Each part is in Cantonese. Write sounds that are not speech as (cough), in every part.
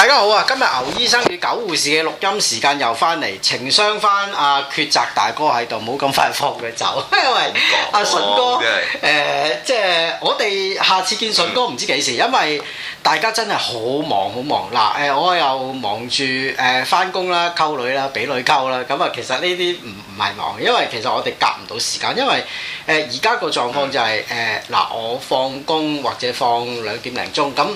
大家好啊！今日牛醫生與九護士嘅錄音時間又返嚟，情商翻阿抉擇大哥喺度，唔好咁快放佢走，喂為阿、啊、順哥，誒，即係我哋下次見順哥唔知幾時，因為。大家真係好忙，好忙嗱，誒、呃，我又忙住誒返工啦、溝女啦、俾女溝啦，咁啊其實呢啲唔唔係忙，因為其實我哋夾唔到時間，因為誒而家個狀況就係誒，嗱，我放工或者放兩點零鐘，咁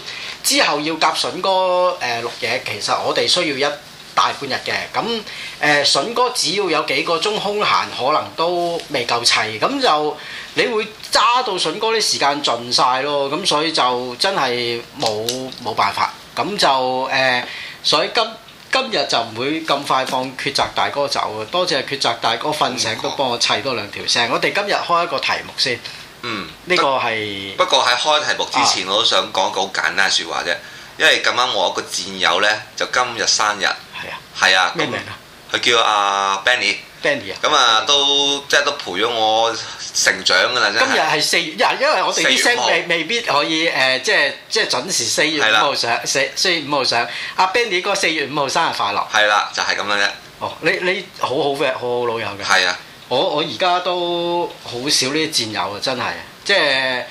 之後要夾筍哥誒錄嘢，其實我哋需要一大半日嘅，咁誒、呃、筍哥只要有幾個鐘空閒，可能都未夠齊，咁就。你會揸到筍哥啲時間盡晒咯，咁所以就真係冇冇辦法，咁就誒，所以今今日就唔會咁快放決擇大哥走啊！多謝決擇大哥瞓醒都幫我砌多兩條聲。我哋今日開一個題目先，嗯，呢個係。不過喺開題目之前，我都想講個好簡單嘅説話啫，因為咁啱我一個戰友咧就今日生日，係啊，係啊，咩名啊？佢叫阿 Benny，Benny 啊，咁啊都即係都陪咗我。成長噶啦，今日係四月，因因為我哋啲聲未未必可以誒、呃，即係即係準時四月五號上，四四的月五號上。阿 Bendy 哥四月五號生日快樂。係啦，就係、是、咁樣啫。哦，你你好好嘅，好，好好老友嘅。係的、呃、啊，我我而家都好少呢啲戰友啊，真係。即係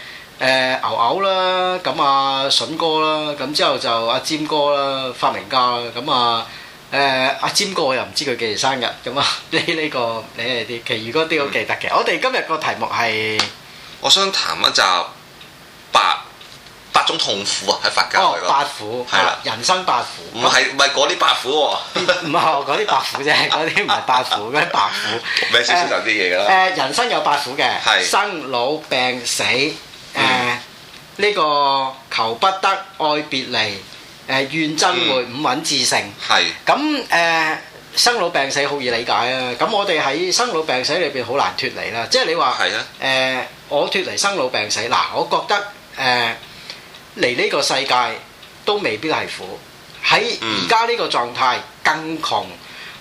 誒牛牛啦，咁啊筍哥啦，咁之後就阿尖、啊、哥啦、啊，發明家啦，咁啊。啊誒阿尖哥我又唔知佢幾時生日咁啊！你呢、這個哋啲奇遇嗰啲好記得嘅。嗯、我哋今日個題目係，我想談一集八八種痛苦啊，係佛教八苦係啦，的人生八苦。唔係唔係嗰啲八苦喎、哦，唔係嗰啲八苦啫，嗰啲唔係八苦，嗰啲 (laughs) 八苦。咩誒少少難啲嘢㗎啦。誒、嗯、人生有八苦嘅的，生老病死誒呢、嗯嗯這個求不得愛別離。誒，怨憎會、五蘊熾盛，係咁，誒生老病死好易理解啊。咁我哋喺生老病死裏邊好難脱離啦。即係你話誒的、呃，我脱離生老病死嗱，我覺得誒嚟呢個世界都未必係苦。喺而家呢個狀態更窮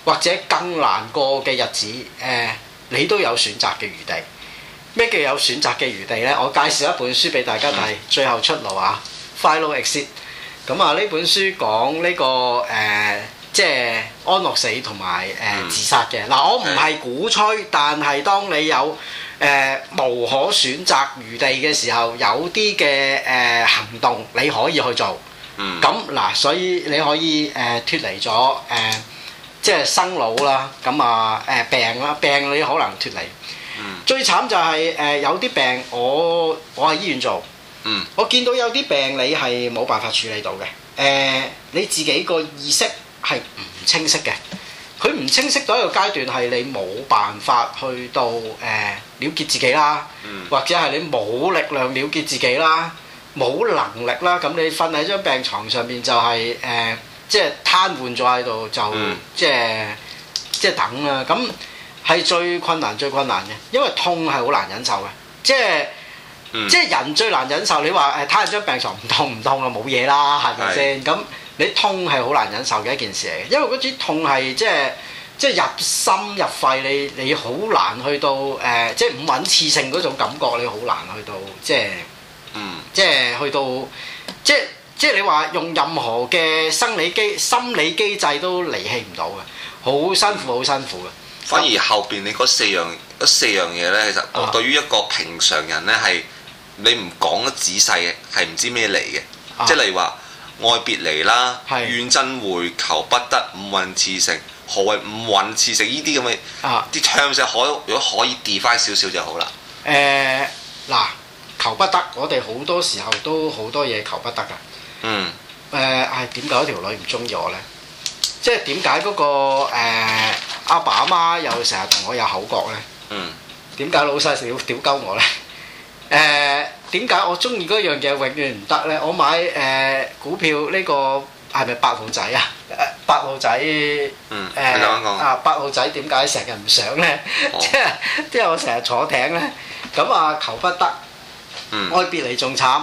或者更難過嘅日子，誒、呃、你都有選擇嘅餘地。咩叫有選擇嘅餘地呢？我介紹一本書俾大家睇，嗯，《最後出路》啊，《快 i 咁啊，呢本書講呢、這個誒、呃，即係安樂死同埋誒自殺嘅嗱，我唔係鼓吹，但係當你有誒、呃、無可選擇餘地嘅時候，有啲嘅誒行動你可以去做。咁嗱、嗯呃，所以你可以誒脱離咗誒，即係生老啦，咁啊誒病啦，病你可能脱離。嗯、最慘就係、是、誒、呃、有啲病我，我我喺醫院做。嗯，我見到有啲病你係冇辦法處理到嘅。誒、呃，你自己個意識係唔清晰嘅，佢唔清晰到一個階段係你冇辦法去到誒、呃、了結自己啦，嗯、或者係你冇力量了結自己啦，冇能力啦，咁你瞓喺張病床上面就係、是、誒、呃，即係癱瘓咗喺度就、嗯、即係即係等啦。咁係最困難、最困難嘅，因為痛係好難忍受嘅，即係。嗯、即係人最難忍受，你話誒躺喺張病床唔痛唔痛啊，冇嘢啦，係咪先？咁你痛係好難忍受嘅一件事嚟嘅，因為嗰啲痛係即係即係入心入肺，你你好難去到誒、呃，即係五蘊熾盛嗰種感覺，你好難去到即係，嗯，即係去到即即係你話用任何嘅生理機心理機制都離棄唔到嘅，好辛苦好、嗯、辛苦嘅。反而後邊你嗰四樣嗰四樣嘢咧，其實對於一個平常人咧係。你唔講得仔細嘅，係唔知咩嚟嘅，即係、啊、例如話愛別離啦，係怨憎會，求不得，五蘊熾盛。何謂五蘊熾盛？呢啲咁嘅啲唱嘅海，如果可以 di 翻少少就好啦。誒嗱、啊呃呃，求不得，我哋好多時候都好多嘢求不得㗎。嗯，誒係點解條女唔中意我咧？即係點解嗰個阿、呃、爸阿媽又成日同我有口角咧？嗯，點解老細成日要屌鳩我咧？誒點解我中意嗰樣嘢永遠唔得咧？我買誒股票呢個係咪八號仔啊？誒八號仔，誒啊八號仔點解成日唔上咧？即係即係我成日坐艇咧，咁啊求不得。愛別離仲慘，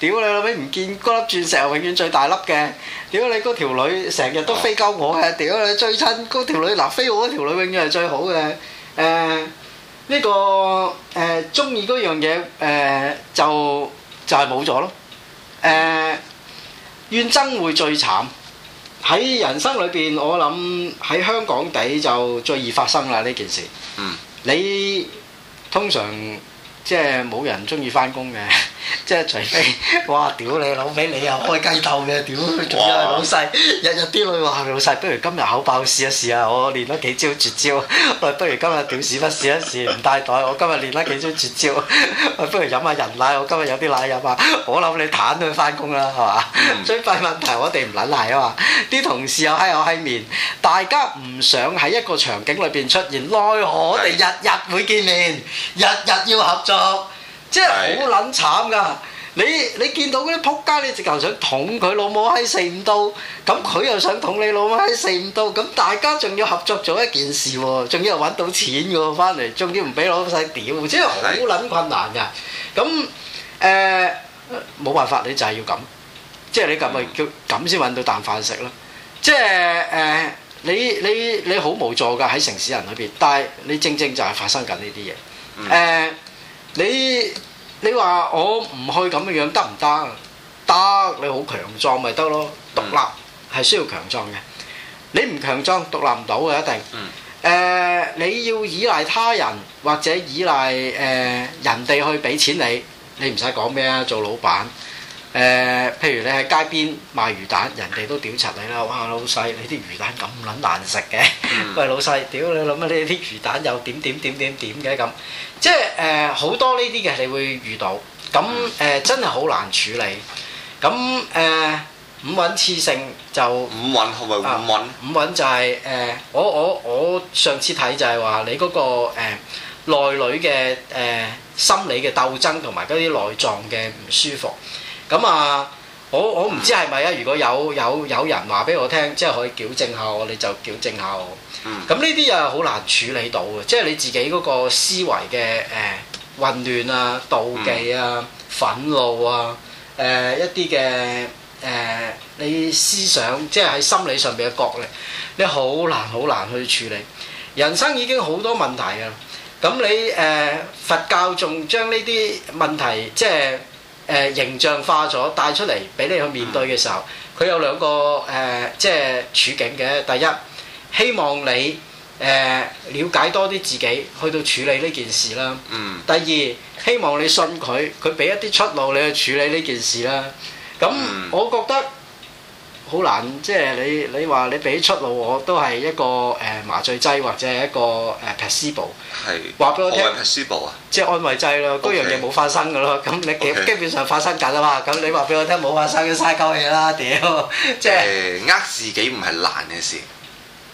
屌你老味唔見嗰粒鑽石啊！永遠最大粒嘅，屌你嗰條女成日都飛鳩我嘅，屌你追親嗰條女嗱飛我嗰條女永遠係最好嘅，誒。呢、這個誒、呃、中意嗰樣嘢誒、呃、就就係冇咗咯，誒，怨憎會最慘喺人生裏邊。我諗喺香港地就最易發生啦呢件事。嗯，你通常即係冇人中意返工嘅。即係除非，哇！屌你老味，你又開雞竇嘅，屌！仲有老細，日日啲女話老細，不如今日口爆試一試啊！我練多幾招絕招，我不如今日屌屎忽試一試，唔帶袋，我今日練得幾招絕招，我不如飲下人奶，我今日有啲奶飲啊！我諗你攤佢翻工啦，係嘛？最、嗯、最弊問題我哋唔撚奶啊嘛，啲同事又閪我閪面，大家唔想喺一個場景裏邊出現，奈何我哋日日會見面，日日要合作。 (noise) 即係好撚慘噶，你你見到嗰啲撲街，你直頭想捅佢老母喺四五刀，咁佢又想捅你老母喺四五刀，咁大家仲要合作做一件事喎，仲要揾到錢喎翻嚟，仲要唔俾老細屌，即係好撚困難噶。咁誒冇辦法，你就係要咁，即係你咁咪叫咁先揾到啖飯食咯。即係誒、呃，你你你好無助噶喺城市人裏邊，但係你正正，正就係發生緊呢啲嘢誒。嗯嗯你你話我唔去咁嘅樣得唔得？得，你好強壯咪得咯，獨立係需要強壯嘅。你唔強壯獨立唔到嘅一定。誒、呃、你要依賴他人或者依賴誒、呃、人哋去俾錢你，你唔使講咩啊，做老闆。誒、呃，譬如你喺街邊賣魚蛋，人哋都屌柒你啦！哇，老細，你啲魚蛋咁撚難食嘅，喂、嗯、 (laughs) 老細，屌你諗下你啲魚蛋有點點點點點嘅咁，即係誒好多呢啲嘅你會遇到，咁誒、呃、真係好難處理。咁誒、呃、五蘊熾盛就五蘊係咪五蘊、啊？五蘊就係、是、誒、呃、我我我上次睇就係話你嗰、那個誒、呃、內裏嘅誒心理嘅鬥爭，同埋嗰啲內臟嘅唔舒服。咁啊，我我唔知係咪啊！如果有有有人話俾我聽，即係可以矯正下我，我你就矯正下我。咁呢啲啊，好難處理到嘅，即係你自己嗰個思維嘅誒、呃、混亂啊、妒忌啊、憤怒啊、誒、呃、一啲嘅誒你思想，即係喺心理上邊嘅角力，你好難好難去處理。人生已經好多問題啊。咁你誒、呃、佛教仲將呢啲問題即係，誒形象化咗帶出嚟俾你去面對嘅時候，佢有兩個誒、呃、即係處境嘅。第一，希望你誒了、呃、解多啲自己去到處理呢件事啦。嗯。第二，希望你信佢，佢俾一啲出路你去處理呢件事啦。咁，嗯、我覺得。好難，即係你你話你俾出路，我都係一個誒、呃、麻醉劑或者係一個誒 placebo 話俾我聽。安慰 placebo 啊。即係安慰劑咯，嗰 Okay, 樣嘢冇發生嘅咯。咁、嗯、Okay, 你基本上發生緊啊嘛。咁你話俾我聽冇發生，都嘥鳩氣啦。屌是，即係。就是、呃自己唔係難嘅事，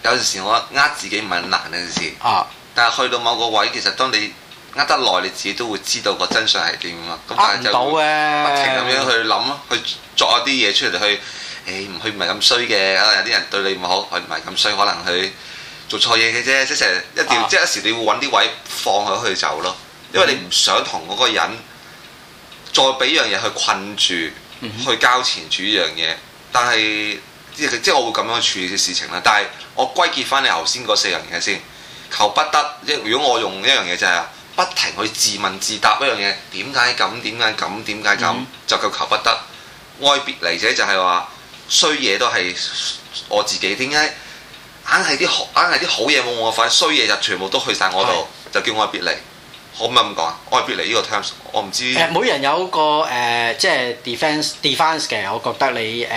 有陣時我呃自己唔係難嘅事。啊。但係去到某個位，其實當你呃得耐，你自己都會知道個真相係點啊 S。呃唔到嘅。不停咁樣去諗去作一啲嘢出嚟去。你唔佢唔係咁衰嘅，啊、哎、有啲人對你唔好，佢唔係咁衰，可能佢做錯嘢嘅啫，即係一定，哇即係一時你會揾啲位放佢去走咯，因為你唔想同嗰個人再俾樣嘢去困住，嗯、哼去交纏住呢樣嘢。但係即係我會咁樣去處理嘅事情啦。但係我歸結翻你頭先嗰四樣嘢先，求不得。即如果我用一樣嘢就係不停去自問自答一樣嘢，點解咁？點解咁？點解咁？就叫求不得。愛、嗯、別離者就係話。衰嘢都係我自己，點解硬係啲好硬係啲好嘢冇我份，衰嘢就全部都去晒我度，的就叫我別離，可唔可以咁講啊？我係別離依個 terms 我唔知。誒，每人有個誒、呃，即係 defense defense 嘅，我覺得你誒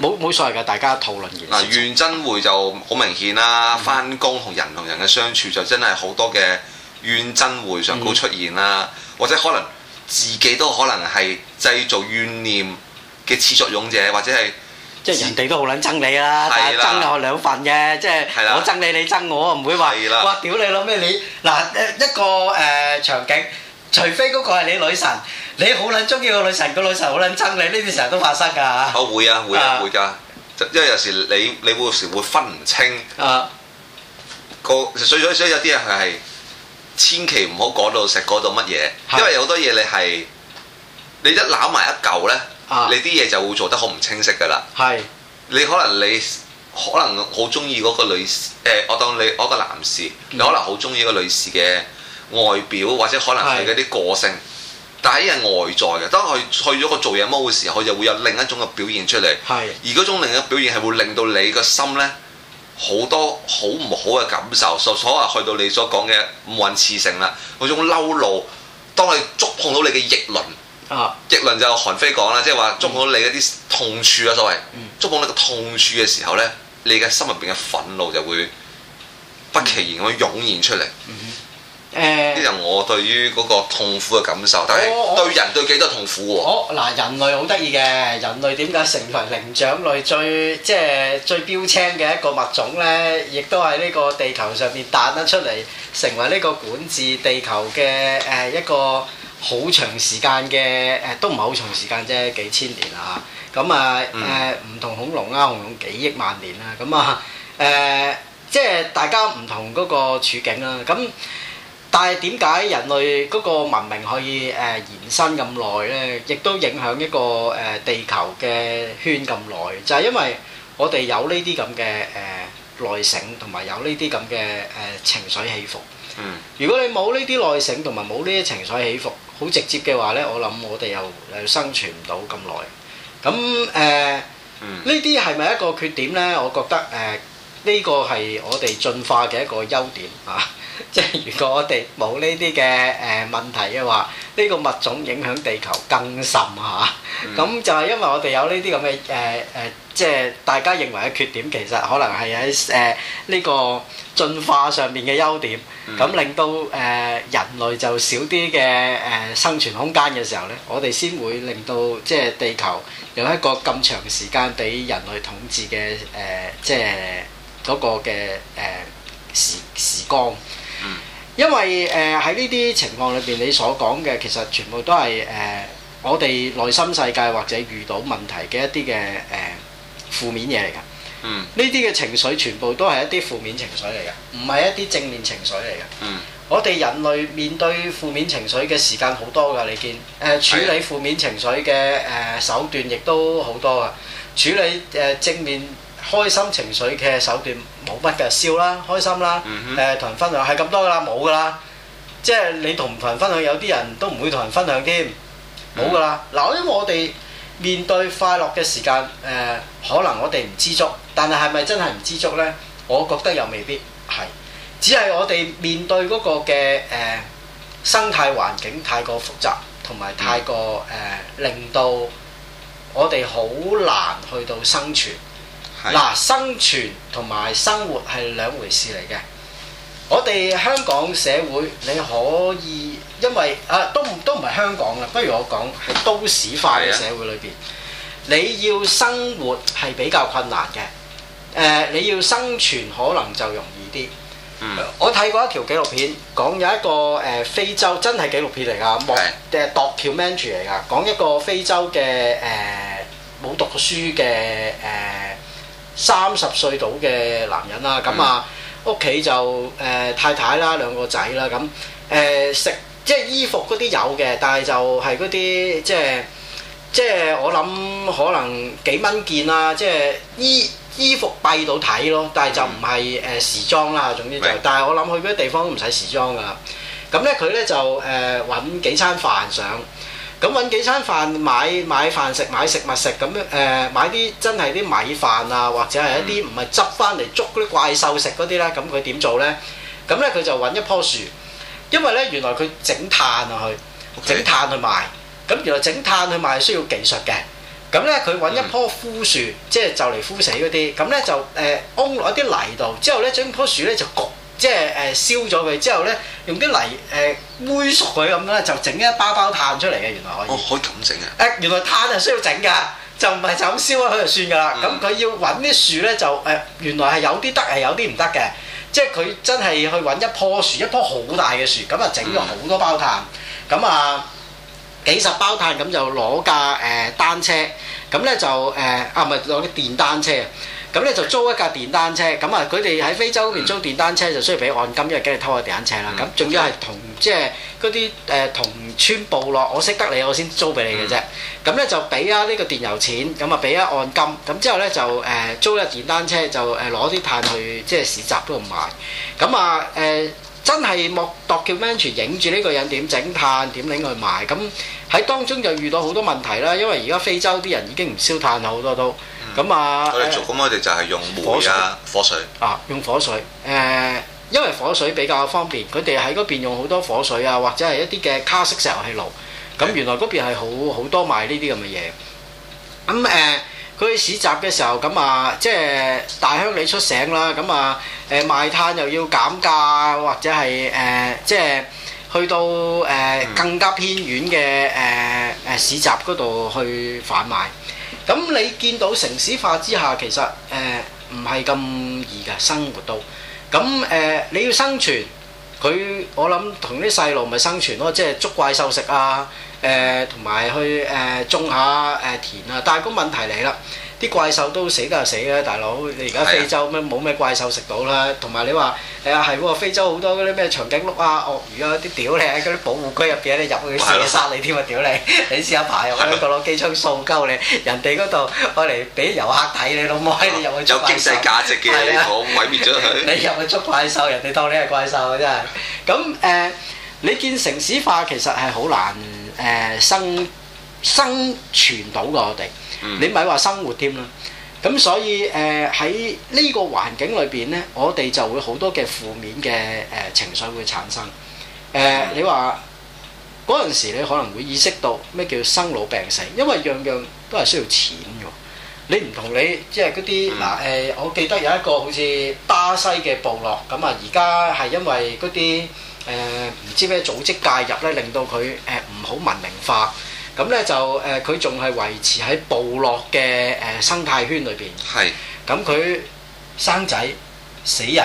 冇冇所謂嘅，大家討論嘅。嗱，怨憎會就好明顯啦，翻工同人同人嘅相處就真係好多嘅怨憎會上高出現啦，嗯、或者可能自己都可能係製造怨念嘅始作俑者，或者係。即係人哋都好撚憎你啦，但係憎我兩份嘅，即係我憎你，你憎我，唔會話哇屌你咯咩你嗱，誒一個誒場景，除非嗰個係你女神，你好撚中意個女神，個女神好撚憎你，呢啲成日都發生㗎嚇。我會啊會啊，會㗎，因為有時你你會時會分唔清啊個，所以所以有啲人係千祈唔好講到食嗰度乜嘢，因為有好多嘢你係你一攬埋一嚿咧。你啲嘢就會做得好唔清晰噶啦。係是，你可能你可能好中意嗰個女士，誒、呃，我當你我一個男士，你可能好中意個女士嘅外表，或者可能係嗰啲個性。是但係呢係外在嘅，當佢去咗個做嘢踎嘅時候，佢就會有另一種嘅表現出嚟。係是，而嗰種另一種表現係會令到你個心咧好多好唔好嘅感受，所所謂去到你所講嘅五蘊熾盛啦，嗰種嬲怒，當你觸碰到你嘅逆鱗。啊！逆論就韓非講啦，即係話觸碰你嗰啲痛處啊，所謂觸碰、嗯、你個痛處嘅時候呢，你嘅心入邊嘅憤怒就會不其然咁湧現出嚟。呢就、嗯嗯嗯呃、我對於嗰個痛苦嘅感受，哦、但係對人對幾多痛苦喎？嗱、哦哦，人類好得意嘅，人類點解成為靈長類最即係最標青嘅一個物種呢？亦都係呢個地球上邊彈得出嚟，成為呢個管治地球嘅誒一個。好長時間嘅誒都唔係好長時間啫，幾千年啦嚇。咁啊誒唔同恐龍啊，恐龍幾億萬年啦。咁啊誒，即係大家唔同嗰個處境啦。咁但係點解人類嗰個文明可以誒延伸咁耐咧？亦都影響一個誒地球嘅圈咁耐，就係因為我哋有呢啲咁嘅誒耐性，同埋有呢啲咁嘅誒情緒起伏。嗯。如果你冇呢啲耐性，同埋冇呢啲情緒起伏，好直接嘅話呢，我諗我哋又誒生存唔到咁耐。咁誒，呢啲係咪一個缺點呢？我覺得誒，呢、呃呢個係我哋進化嘅一個優點啊！ (laughs) 即係如果我哋冇呢啲嘅誒問題嘅話，呢、呢個物種影響地球更甚嚇。咁、啊 (laughs) 嗯、就係因為我哋有呢啲咁嘅誒誒。呃呃即係大家認為嘅缺點，其實可能係喺誒呢個進化上面嘅優點，咁令到誒人類就少啲嘅誒生存空間嘅時候咧，我哋先會令到即係地球有一個咁長時間俾人類統治嘅誒，即係嗰個嘅誒時時光。因為誒喺呢啲情況裏面，你所講嘅其實全部都係誒我哋內心世界或者遇到問題嘅一啲嘅誒。負面嘢嚟㗎，呢啲嘅情緒全部都係一啲負面情緒嚟㗎，唔係一啲正面情緒嚟㗎。嗯、我哋人類面對負面情緒嘅時間好多㗎，你見誒、呃、處理負面情緒嘅誒、呃、手段亦都好多㗎，處理誒、呃、正面開心情緒嘅手段冇乜㗎，笑啦，開心啦，誒同、嗯哼呃、人分享係咁多㗎啦，冇㗎啦。即係你同唔同人分享，有啲人都唔會同人分享添，冇㗎啦。嗱、嗯，因為我哋。面對快樂嘅時間，誒、呃、可能我哋唔知足，但係係咪真係唔知足呢？我覺得又未必係，只係我哋面對嗰個嘅誒、呃、生態環境太過複雜，同埋太過誒、呃、令到我哋好難去到生存。嗱、啊，生存同埋生活係兩回事嚟嘅。我哋香港社會，你可以。因為啊，都唔都唔係香港嘅，不如我講喺都市化嘅社會裏邊，對 aja 你要生活係比較困難嘅。誒、呃，你要生存可能就容易啲。嗯、呃，我睇過一條紀錄片，講有一個誒、呃、非洲，真係紀錄片嚟㗎，嘅 documentary 嚟㗎，講一個非洲嘅誒冇讀過書嘅誒三十歲到嘅男人啦，咁啊屋企就誒太太啦，兩個仔啦，咁誒、呃、食。即係衣服嗰啲有嘅，但係就係嗰啲即係即係我諗可能幾蚊件啦，即係衣衣服閉到睇咯，但係就唔係誒時裝啦，總之就。的但係我諗去嗰啲地方都唔使時裝噶。咁咧佢咧就誒揾、呃、幾餐飯上，咁揾幾餐飯買買飯食買食物食咁樣誒買啲真係啲米飯啊，或者係一啲唔係執翻嚟捉啲怪獸食嗰啲咧，咁佢點做咧？咁咧佢就揾一棵樹。因為咧，原來佢整碳啊，佢整 Okay. 碳去賣，咁原來整碳去賣係需要技術嘅。咁咧，佢揾一棵枯樹，嗯、即係就嚟枯死嗰啲，咁咧就誒安落一啲泥度，之後咧整棵樹咧就焗，即係誒燒咗佢，之後咧用啲泥誒煨熟佢咁啦，就整一包包碳出嚟嘅。原來可以。哦、可以咁整啊！誒、呃，原來碳係需要整㗎，就唔係就咁燒咗佢就算㗎啦。咁佢、嗯嗯、要揾啲樹咧，就誒、呃、原來係有啲得，係有啲唔得嘅。即係佢真係去揾一棵樹，一棵好大嘅樹，咁啊整咗好多包碳，咁啊幾十包碳，咁就攞架誒單車，咁呢就誒、呃、啊唔係攞啲電單車。咁咧就租一架電單車，咁啊佢哋喺非洲嗰邊租電單車就需要俾按金，因為驚你偷我電單車啦。咁、嗯，仲要係同即係嗰啲誒同村部落，我識得你，我先租俾你嘅啫。咁咧、嗯、就俾啊呢個電油錢，咁啊俾啊按金，咁之後咧就誒、呃、租架電單車就誒攞啲炭去即係市集度賣，咁啊誒。呃真係莫度叫 documentary 影住呢個人點整炭，點拎去賣。咁喺當中就遇到好多問題啦，因為而家非洲啲人已經唔燒炭好多都。咁啊、嗯，咁我哋就係用煤啊火水，火水啊，用火水。誒、呃，因為火水比較方便，佢哋喺嗰邊用好多火水啊，或者係一啲嘅卡式石油氣爐。咁原來嗰邊係好好的多賣呢啲咁嘅嘢。咁、嗯、誒。呃佢喺市集嘅時候咁啊，即係大鄉里出醒出城啦，咁啊，誒賣炭又要減價，或者係誒、呃、即係去到誒、呃、更加偏遠嘅誒誒市集嗰度去販賣。咁你見到城市化之下，其實誒唔係咁易嘅生活到。咁誒、呃、你要生存，佢我諗同啲細路咪生存咯，即係捉怪獸食啊！誒同埋去誒、呃、種下誒、呃、田啊！但係個問題嚟啦，啲怪獸都死都係死啦，大佬你而家非洲咩冇咩怪獸食到啦？同埋你話誒係喎，非洲好多嗰啲咩長頸鹿啊、鱷魚啊，啲屌你喺啲保護區入邊，你入去射殺你添啊！屌的你，你試下排入的去，個攞機槍掃鳩你，人哋嗰度我嚟俾遊客睇你老母，你入去捉怪獸，有經濟價值嘅， (laughs) 的我毀滅咗佢。 (laughs) 你入去捉怪獸，人哋當你係怪獸啊！真係咁誒，你見城市化其實係好難。誒、呃、生生存到嘅我哋，嗯、你咪係話生活添啦。咁所以誒喺呢個環境裏邊咧，我哋就會好多嘅負面嘅誒、呃、情緒會產生。誒、呃嗯、你話嗰陣時你可能會意識到咩叫生老病死，因為樣樣都係需要錢嘅。你唔同你即係嗰啲嗱誒，我記得有一個好似巴西嘅部落咁啊，而家係因為嗰啲。誒唔、呃、知咩組織介入咧，令到佢誒唔好文明化。咁咧就誒佢仲係維持喺部落嘅誒、呃、生態圈裏邊。係是。咁佢、嗯、生仔死人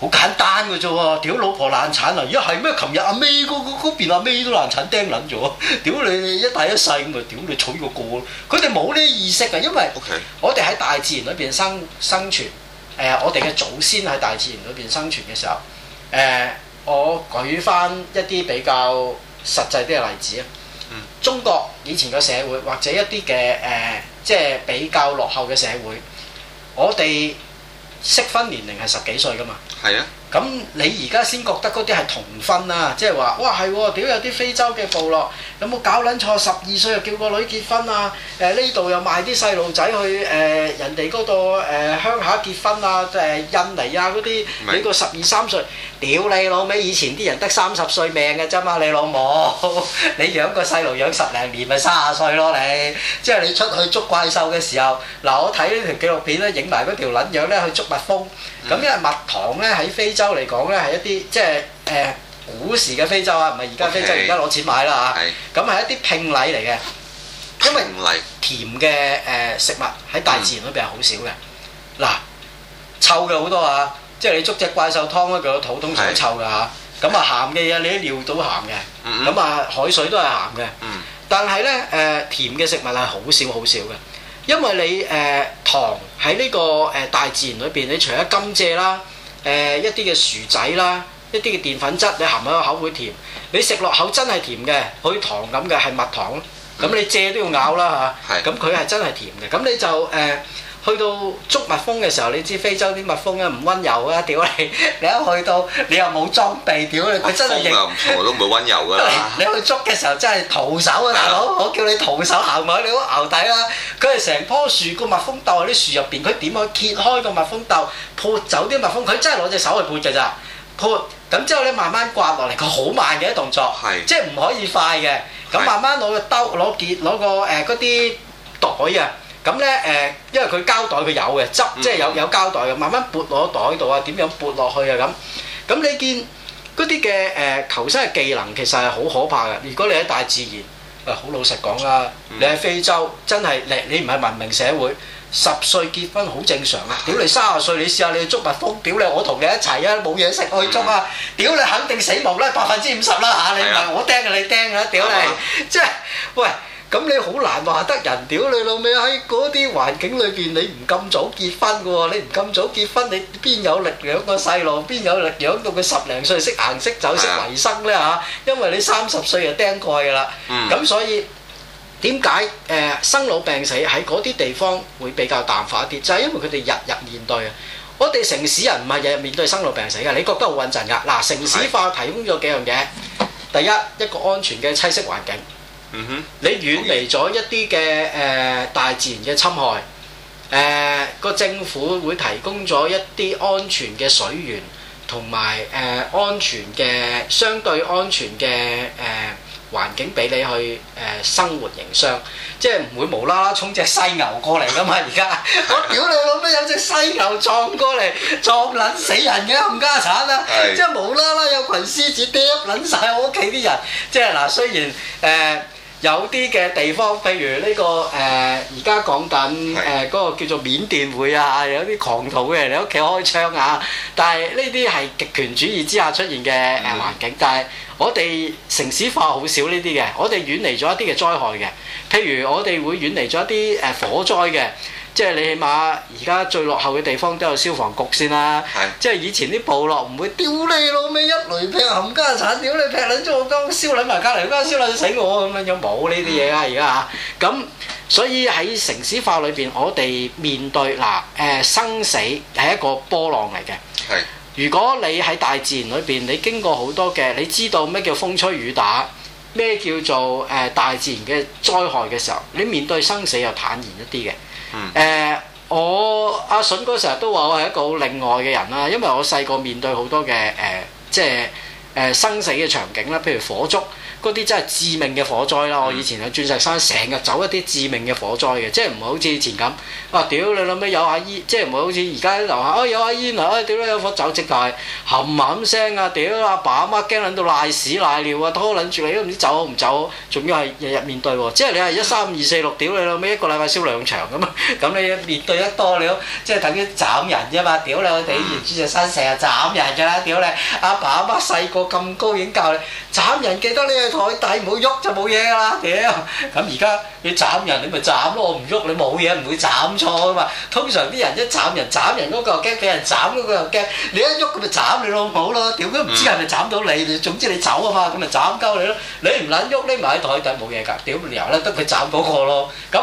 好簡單嘅啫喎。屌老婆難產啊！咦啊係咩？琴日阿 May 嗰嗰嗰邊阿 May 都難產釘撚咗。屌你一大一細咁啊！屌你娶個個。佢哋冇呢意識嘅，因為我哋喺大自然裏邊生生存。誒、呃，我哋嘅祖先喺大自然裏邊生存嘅時候，誒、呃。呃呃我舉翻一啲比較實際啲嘅例子啊！嗯、中國以前嘅社會，或者一啲嘅誒，即、呃、係、即係、比較落後嘅社會，我哋適婚年齡係十幾歲㗎嘛？係啊。咁你而家先覺得嗰啲係童婚啊？即係話，哇係、啊，屌有啲非洲嘅部落，有冇搞撚錯？十二歲又叫個女結婚啊？誒呢度又賣啲細路仔去誒、呃、人哋嗰度誒鄉下結婚啊？誒、呃、印尼啊嗰啲俾個十二三歲，屌你老味！以前啲人得三十歲命嘅啫嘛，你老母，你養個細路養十零年咪三十歲咯你，即係你出去捉怪獸嘅時候，嗱、呃、我睇呢條紀錄片咧，影埋嗰條撚樣咧去捉蜜蜂，蜂。咁因為蜜糖咧，喺非洲嚟講咧，係一啲即係誒古時嘅非洲啊，唔係而家非洲，而家攞錢買啦嚇。咁係一啲聘禮嚟嘅，因為甜嘅誒食物喺大自然裏邊係好少嘅。嗱，臭嘅好多啊，即係你捉隻怪獸劏咧，佢個肚通常都臭噶嚇。咁啊鹹嘅嘢你都尿到鹹嘅，咁啊海水都係鹹嘅。但係咧誒甜嘅食物係好少好少嘅。因為你誒、呃、糖喺呢、這個誒、呃、大自然裏邊，你除咗甘蔗啦，誒、呃、一啲嘅薯仔啦，一啲嘅澱粉質，你含喺個口會甜。你食落口真係甜嘅，好似糖咁嘅，係蜜糖。咁你蔗都要咬啦嚇，咁佢係真係甜嘅。咁你就誒，呃去到捉蜜蜂嘅時候，你知非洲啲蜜蜂咧，唔溫柔啊！屌你，你一去到你又冇裝備，屌你，佢真係認。從來都唔會溫柔㗎啦。你去捉嘅時候真係徒手啊，大佬！我叫你徒手行埋去，你好牛底啦！佢係成棵樹個蜜蜂竇喺啲樹入邊，佢點樣揭開個蜜蜂竇，撥走啲蜜蜂？佢真係攞隻手去撥嘅咋？撥咁之後，你慢慢刮落嚟，佢好慢嘅動作，即係唔可以快嘅。咁慢慢攞個兜，攞結，攞個誒嗰啲袋啊。咁咧誒，因為佢膠袋佢有嘅，執即係有有膠袋嘅，慢慢撥落個袋度啊，點樣撥落去啊咁。咁你見嗰啲嘅誒求生嘅技能其實係好可怕嘅。如果你喺大自然，啊好老實講啦，你喺非洲真係你你唔係文明社會，十歲結婚好正常啊。屌你三十歲，你試下你去捉蜜蜂，屌你我同你一齊啊，冇嘢食我去捉啊，屌你肯定死亡啦，百分之五十啦，嚇你唔係我釘嘅你釘嘅，屌你即係喂。咁你好難話得人屌你老味喺嗰啲環境裏邊，你唔咁早結婚㗎喎，你唔咁早結婚，你邊有力養個細路，邊有力養到佢十零歲識顏色、走、識維生呢吓？因為你三十歲就釘蓋㗎喇，咁所以點解誒生老病死喺嗰啲地方會比較淡化一啲？就係因為佢哋日日面對啊！我哋城市人唔係日日面對生老病死㗎，你覺得好穩陣㗎？嗱，城市化提供咗幾樣嘢，第一一個安全嘅棲息環境。嗯哼，你遠離咗一啲嘅誒大自然嘅侵害，誒、呃、個政府會提供咗一啲安全嘅水源，同埋誒安全嘅相對安全嘅誒、呃、環境俾你去誒、呃、生活營商，即係唔會無啦啦衝隻犀牛過嚟㗎嘛！而家我屌你老母有隻犀牛撞過嚟，撞撚死人嘅，冚家鏟啊！是即係無啦啦有群獅子釘撚晒我屋企啲人，即係嗱、呃、雖然誒。呃呃有啲嘅地方，譬如呢、呢個誒，而家講緊誒嗰個叫做緬甸會啊，有啲狂徒嘅，你屋企開槍啊。但係呢啲係極權主義之下出現嘅誒環境，呃嗯、但係我哋城市化好少呢啲嘅，我哋遠離咗一啲嘅災害嘅，譬如我哋會遠離咗一啲誒火災嘅。即係你起碼而家最落後嘅地方都有消防局先啦。是即係以前啲部落唔會屌你老味一雷劈冚家鏟，屌你劈你我鳩燒你埋隔離間燒你死我咁樣有，冇呢啲嘢啦而家嚇。咁所以喺城市化裏邊，我哋面對嗱誒、呃、生死係一個波浪嚟嘅。是如果你喺大自然裏邊，你經過好多嘅，你知道咩叫風吹雨打，咩叫做誒大自然嘅災害嘅時候，你面對生死又坦然一啲嘅。誒、嗯呃，我阿筍哥成日都話我係一個好另外嘅人啦，因為我細個面對好多嘅誒、呃，即係誒、呃、生死嘅場景啦，譬如火燭。嗰啲真係致命嘅火災啦！我以前喺鑽石山成日走一啲致命嘅火災嘅，即係唔係好似以前咁啊？屌你諗咩有阿煙？即係唔係好似而家啲樓下啊？有阿煙啊？屌你有火走直頭係冚冚聲啊！屌阿爸阿媽驚撚到瀨屎瀨尿啊，拖撚住你都唔知走唔走，仲要係日日面對喎！即係你係一三二四六屌你老咩一個禮拜燒兩場咁啊？咁你 (laughs) 面對得多你即係等於斬人啫嘛！屌你地鑽石山成日斬人㗎啦！屌你阿爸阿媽細個咁高已經教你斬人，記得你。台底唔好喐就冇嘢噶啦，屌！咁而家你斬人你咪斬咯，我唔喐你冇嘢，唔會斬錯噶嘛。通常啲人一斬人斬人嗰個驚，俾人斬嗰個又驚。你一喐佢咪斬你咯，冇咯、嗯，屌佢唔知係咪斬到你。總之你走啊嘛，咁咪斬鳩你咯。你唔撚喐，你埋喺台底冇嘢噶，屌唔由啦，得佢斬嗰個咯。咁、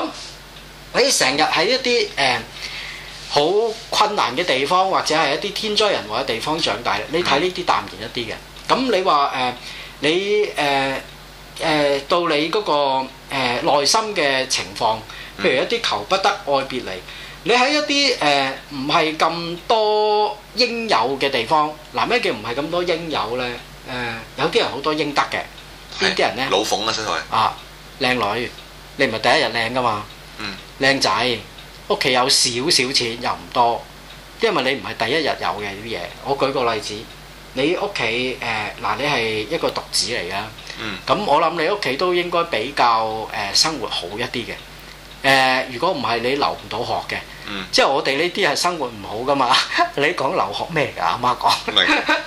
嗯、你成日喺一啲誒好困難嘅地方，或者係一啲天災人禍嘅地方長大你睇呢啲淡然一啲嘅。咁你話誒？你誒誒、呃呃、到你嗰、那個誒內、呃、心嘅情況，譬如一啲求不得、愛別離，你喺一啲誒唔係咁多應有嘅地方，嗱、呃、咩叫唔係咁多應有咧？誒、呃、有啲人好多應得嘅，邊啲人咧？老馮啊，識佢啊，靚女，你唔係第一日靚㗎嘛？嗯，靚仔，屋企有少少錢又唔多，因為你唔係第一日有嘅啲嘢。我舉個例子。你屋企誒嗱，你係一個獨子嚟嘅。咁我諗你屋企都應該比較誒生活好一啲嘅。誒，如果唔係你留唔到學嘅，即係我哋呢啲係生活唔好噶嘛。你講留學咩㗎？阿媽講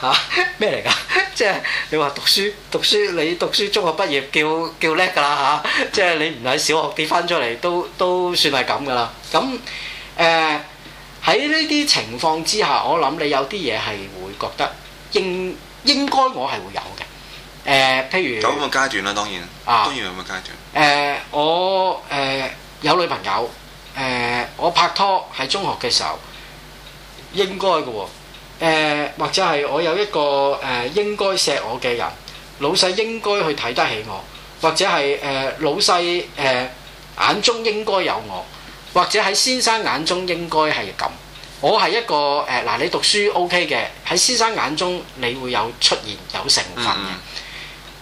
嚇咩嚟㗎？即係你話讀書讀書，你讀書中學畢業叫叫叻㗎啦嚇。即係你唔喺小學跌翻出嚟，都都算係咁㗎啦。咁誒喺呢啲情況之下，我諗你有啲嘢係會覺得。應應該我係會有嘅，誒、呃、譬如。有咁嘅階段啦，當然。啊。當然有咁嘅階段。誒、呃、我誒、呃、有女朋友，誒、呃、我拍拖喺中學嘅時候應該嘅喎，誒、呃、或者係我有一個誒、呃、應該錫我嘅人，老細應該去睇得起我，或者係誒、呃、老細誒、呃、眼中應該有我，或者喺先生眼中應該係咁。我係一個誒嗱、呃，你讀書 OK 嘅喺先生眼中，你會有出現有成分嘅。Mm hmm.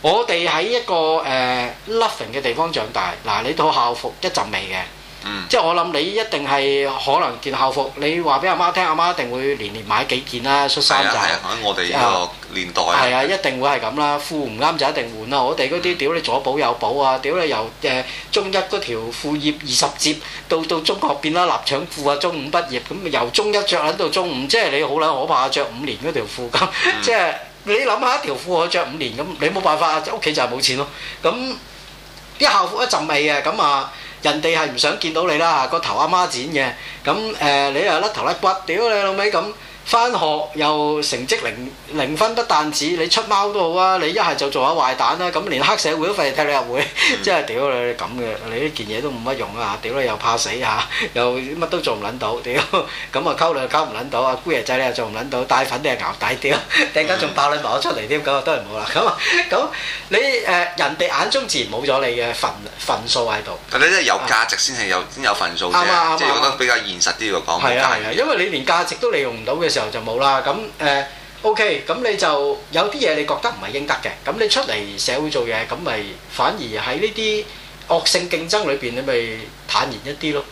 我哋喺一個誒、呃、living 嘅地方長大，嗱、呃、你套校服一陣味嘅。即係、嗯、我諗你一定係可能件校服，你話俾阿媽聽，阿媽一定會年年買幾件啦，恤衫就係、係、我哋呢個年代啊，係啊、嗯，一定會係咁啦。褲唔啱就一定換啦。我哋嗰啲屌你左補右補啊，屌你由誒中一嗰條褲業二十折到到中學變啦臘腸褲啊，中五畢業咁由中一着到中五，即係你好撚可怕着五年嗰條褲咁，嗯、即係你諗下一條褲我着五年咁，你冇辦法啊，屋企就係冇錢咯。咁啲校服一陣味啊，咁啊～、嗯人哋係唔想見到你啦嚇，個頭阿媽剪嘅，噉、呃、你又甩頭甩骨，屌你老味噉。返學又成績零零分不單止，你出貓都好啊！你一係就做下壞蛋啦，咁連黑社會都費事踢你入會，即係屌你咁嘅，你呢件嘢都冇乜用啊！屌你又怕死嚇，又乜都做唔撚到，屌咁啊溝女又溝唔撚到，啊，姑爺仔你又做唔撚到，帶粉定係牛大屌，突然間仲爆你毛出嚟添，咁啊都係冇啦，咁咁你誒，人哋眼中自然冇咗你嘅份份數喺度。嗱，你咧有價值先係有先有份數啫，即係覺得比較現實啲嘅講法啊，係啊，因為你連價值都利用唔到嘅時候。就就冇啦，咁誒 OK，咁你就有啲嘢你覺得唔係應得嘅，咁你出嚟社會做嘢，咁咪反而喺呢啲惡性競爭裏邊，你咪坦然一啲咯。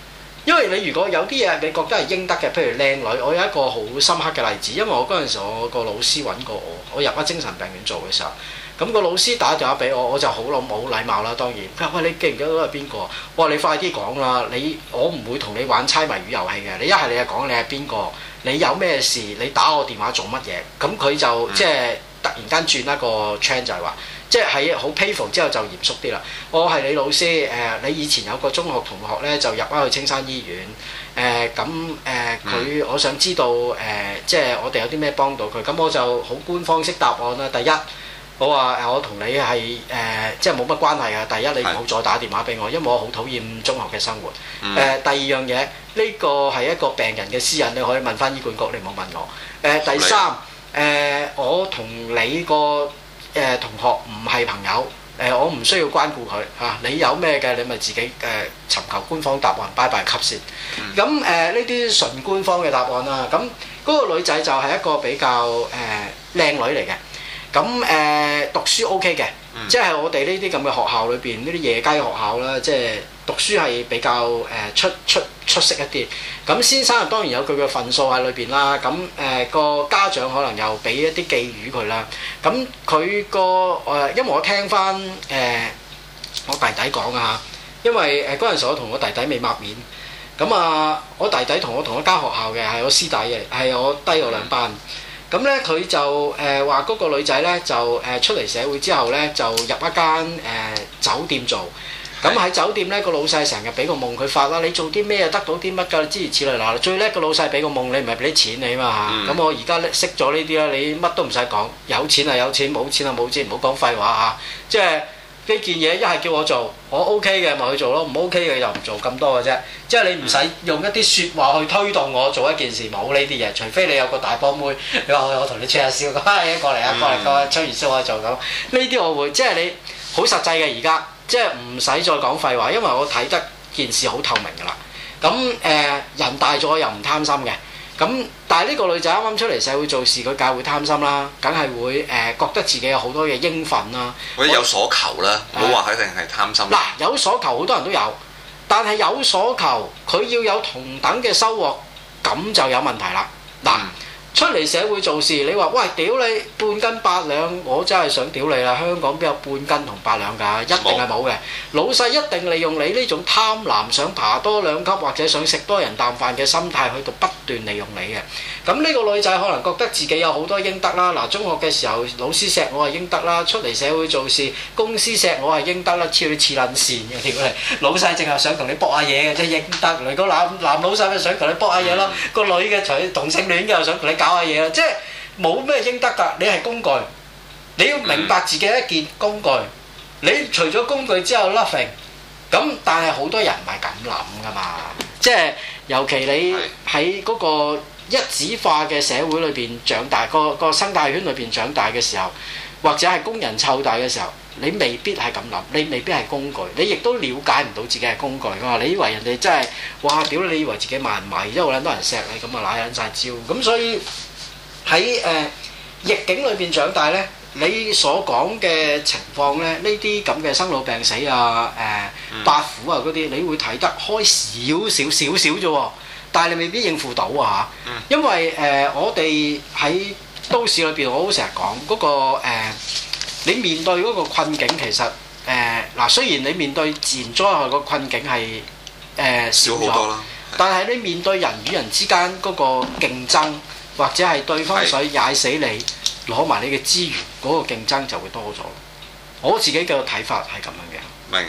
因為你如果有啲嘢你覺得係應得嘅，譬如靚女，我有一個好深刻嘅例子，因為我嗰陣時我個老師揾過我，我入咗精神病院做嘅時候，咁個老師打電話俾我，我就好諗冇禮貌啦，當然，佢話：喂，你記唔記得我係邊個？我話你快啲講啦，你我唔會同你玩猜謎語遊戲嘅，你一係你就講你係邊個。你有咩事？你打我電話做乜嘢？咁佢就、嗯、即係突然間轉一個 channel 就係、是、話，即係喺好 playful 之後就嚴肅啲啦。我係你老師，誒、呃，你以前有個中學同學咧，就入返去青山醫院，誒、呃，咁、呃、誒，佢、呃嗯、我想知道，誒、呃，即係我哋有啲咩幫到佢。咁我就好官方式答案啦。第一，我話誒，我同你係誒，即係冇乜關係啊。第一，你唔好再打電話俾我，是因為我好討厭中學嘅生活。誒、嗯呃，第二樣嘢。呢個係一個病人嘅私隱，你可以問翻醫管局，你唔好問我。誒第三，誒我同你個誒同學唔係朋友，誒我唔需要關顧佢吓。你有咩嘅，你咪自己誒尋求官方答案，拜拜及先。咁誒呢啲純官方嘅答案啦。咁嗰個女仔就係一個比較誒靚女嚟嘅，咁誒讀書 OK 嘅。即係我哋呢啲咁嘅學校裏邊，呢啲夜雞學校啦，即係讀書係比較誒出出出色一啲。咁先生啊，當然有佢嘅份數喺裏邊啦。咁誒個家長可能又俾一啲寄語佢啦。咁佢個誒、呃，因為我聽翻誒、呃、我弟弟講啊，因為誒嗰陣時我同我弟弟未抹面。咁啊，我弟弟同我同一間學校嘅，係我師弟嘅，係我低我兩班。咁呢，佢就誒話嗰個女仔呢，就誒、呃、出嚟社會之後呢，就入一間誒、呃、酒店做，咁喺酒店呢，個是的 老細成日俾個夢佢發啦，你做啲咩得到啲乜㗎？諸如此類嗱，最叻嘅老細俾個夢你，唔係俾啲錢你嘛嚇。咁、嗯、我而家識咗呢啲啦，你乜都唔使講，有錢啊有錢，冇錢啊冇錢，唔好講廢話啊，即係。呢件嘢一係叫我做，我 OK 嘅咪去做咯，唔 OK 嘅又唔做咁多嘅啫。即係你唔使用，用一啲説話去推動我做一件事，冇呢啲嘢。除非你有個大波妹，你話我同你吹下笑咁，過嚟啊過嚟過吹完數我做咁。呢啲我會，即係你好實際嘅而家，即係唔使再講廢話，因為我睇得件事好透明㗎啦。咁誒人大咗又唔貪心嘅。咁，但係呢個女仔啱啱出嚟社會做事，佢梗係會貪心啦，梗係會誒覺得自己有好多嘢應份啦。或者有所求啦，冇話肯定係貪心。嗱，有所求好多人都有，但係有所求，佢要有同等嘅收穫，咁就有問題啦。嗱。嗯出嚟社會做事，你話喂屌你半斤八兩，我真係想屌你啦！香港邊有半斤同八兩㗎？一定係冇嘅。老細一定利用你呢種貪婪想爬多兩級或者想食多人啖飯嘅心態去到不斷利用你嘅。咁呢個女仔可能覺得自己有好多應得啦。嗱，中學嘅時候老師錫我係應得啦，出嚟社會做事公司錫我係應得啦，似你似撚線嘅屌你。老細淨係想同你搏下嘢嘅，即係應得。嚟個男男老細咪想同你搏下嘢咯。個女嘅除同性戀嘅又想同你。嘢即係冇咩應得㗎，你係工具，你要明白自己一件工具。你除咗工具之後，loving，咁但係好多人唔係咁諗㗎嘛，即係尤其你喺嗰個一紙化嘅社會裏邊長大，嗰個、嗰個生態圈裏邊長大嘅時候，或者係工人湊大嘅時候，你未必係咁諗，你未必係工具，你亦都了解唔到自己係工具。我話你以為人哋真係，哇！屌，你以為自己唔迷，因為好撚多人錫你，咁啊，拉撚晒招。咁所以喺誒逆境裏邊長大咧，你所講嘅情況咧，呢啲咁嘅生老病死啊、誒八苦啊嗰啲，你會睇得開少少少少啫，但係你未必應付到啊。因為誒、呃，我哋喺都市裏邊，我好成日講嗰個、呃、你面對嗰個困境其實誒嗱、呃，雖然你面對自然災害個困境係誒、呃、少好多，但係你面對人與人之間嗰個競爭，或者係對方想踩死你攞埋是你嘅資源，嗰、那個競爭就會多咗。我自己嘅睇法係咁樣嘅。明，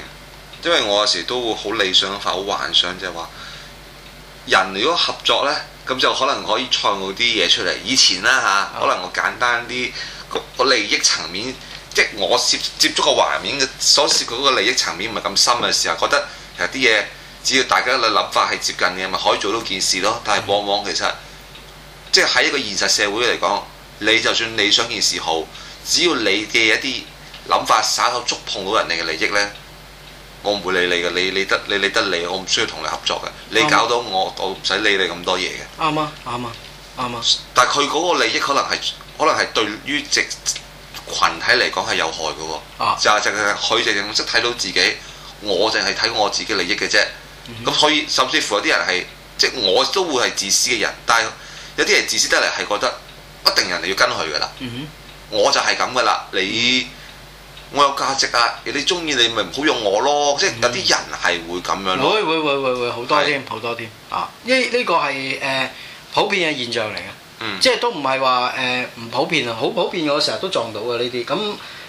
因為我有時都會好理想化、好幻想，就係、是、話人如果合作呢。咁就可能可以創造啲嘢出嚟。以前啦嚇，可能我簡單啲個利益層面，即係我接接觸個畫面嘅所涉嗰個利益層面唔係咁深嘅時候，覺得其實啲嘢只要大家嘅諗法係接近嘅，咪可以做到件事咯。但係往往其實即係喺一個現實社會嚟講，你就算你想件事好，只要你嘅一啲諗法稍稍觸碰到人哋嘅利益呢。我唔會理你嘅，你理得你理得你，我唔需要同你合作嘅，你搞到我，我唔使理你咁多嘢嘅。啱啊，啱啊，啱啊。啊但係佢嗰個利益可能係，可能係對於直群體嚟講係有害嘅喎。啊。就係佢哋只識睇到自己，我淨係睇我自己利益嘅啫。咁、嗯哼。所以甚至乎有啲人係，即係我都會係自私嘅人，但係有啲人自私得嚟係覺得一定人哋要跟佢嘅啦。嗯哼。我就係咁嘅啦，你。我有價值啊！你中意你咪唔好用我咯，嗯、即係有啲人係會咁樣咯會。會會會會會好多添，好多添。啊！呢呢是、啊、個係誒、呃、普遍嘅現象嚟嘅，嗯、即係都唔係話誒唔普遍啊，好普遍我成日都撞到嘅呢啲。咁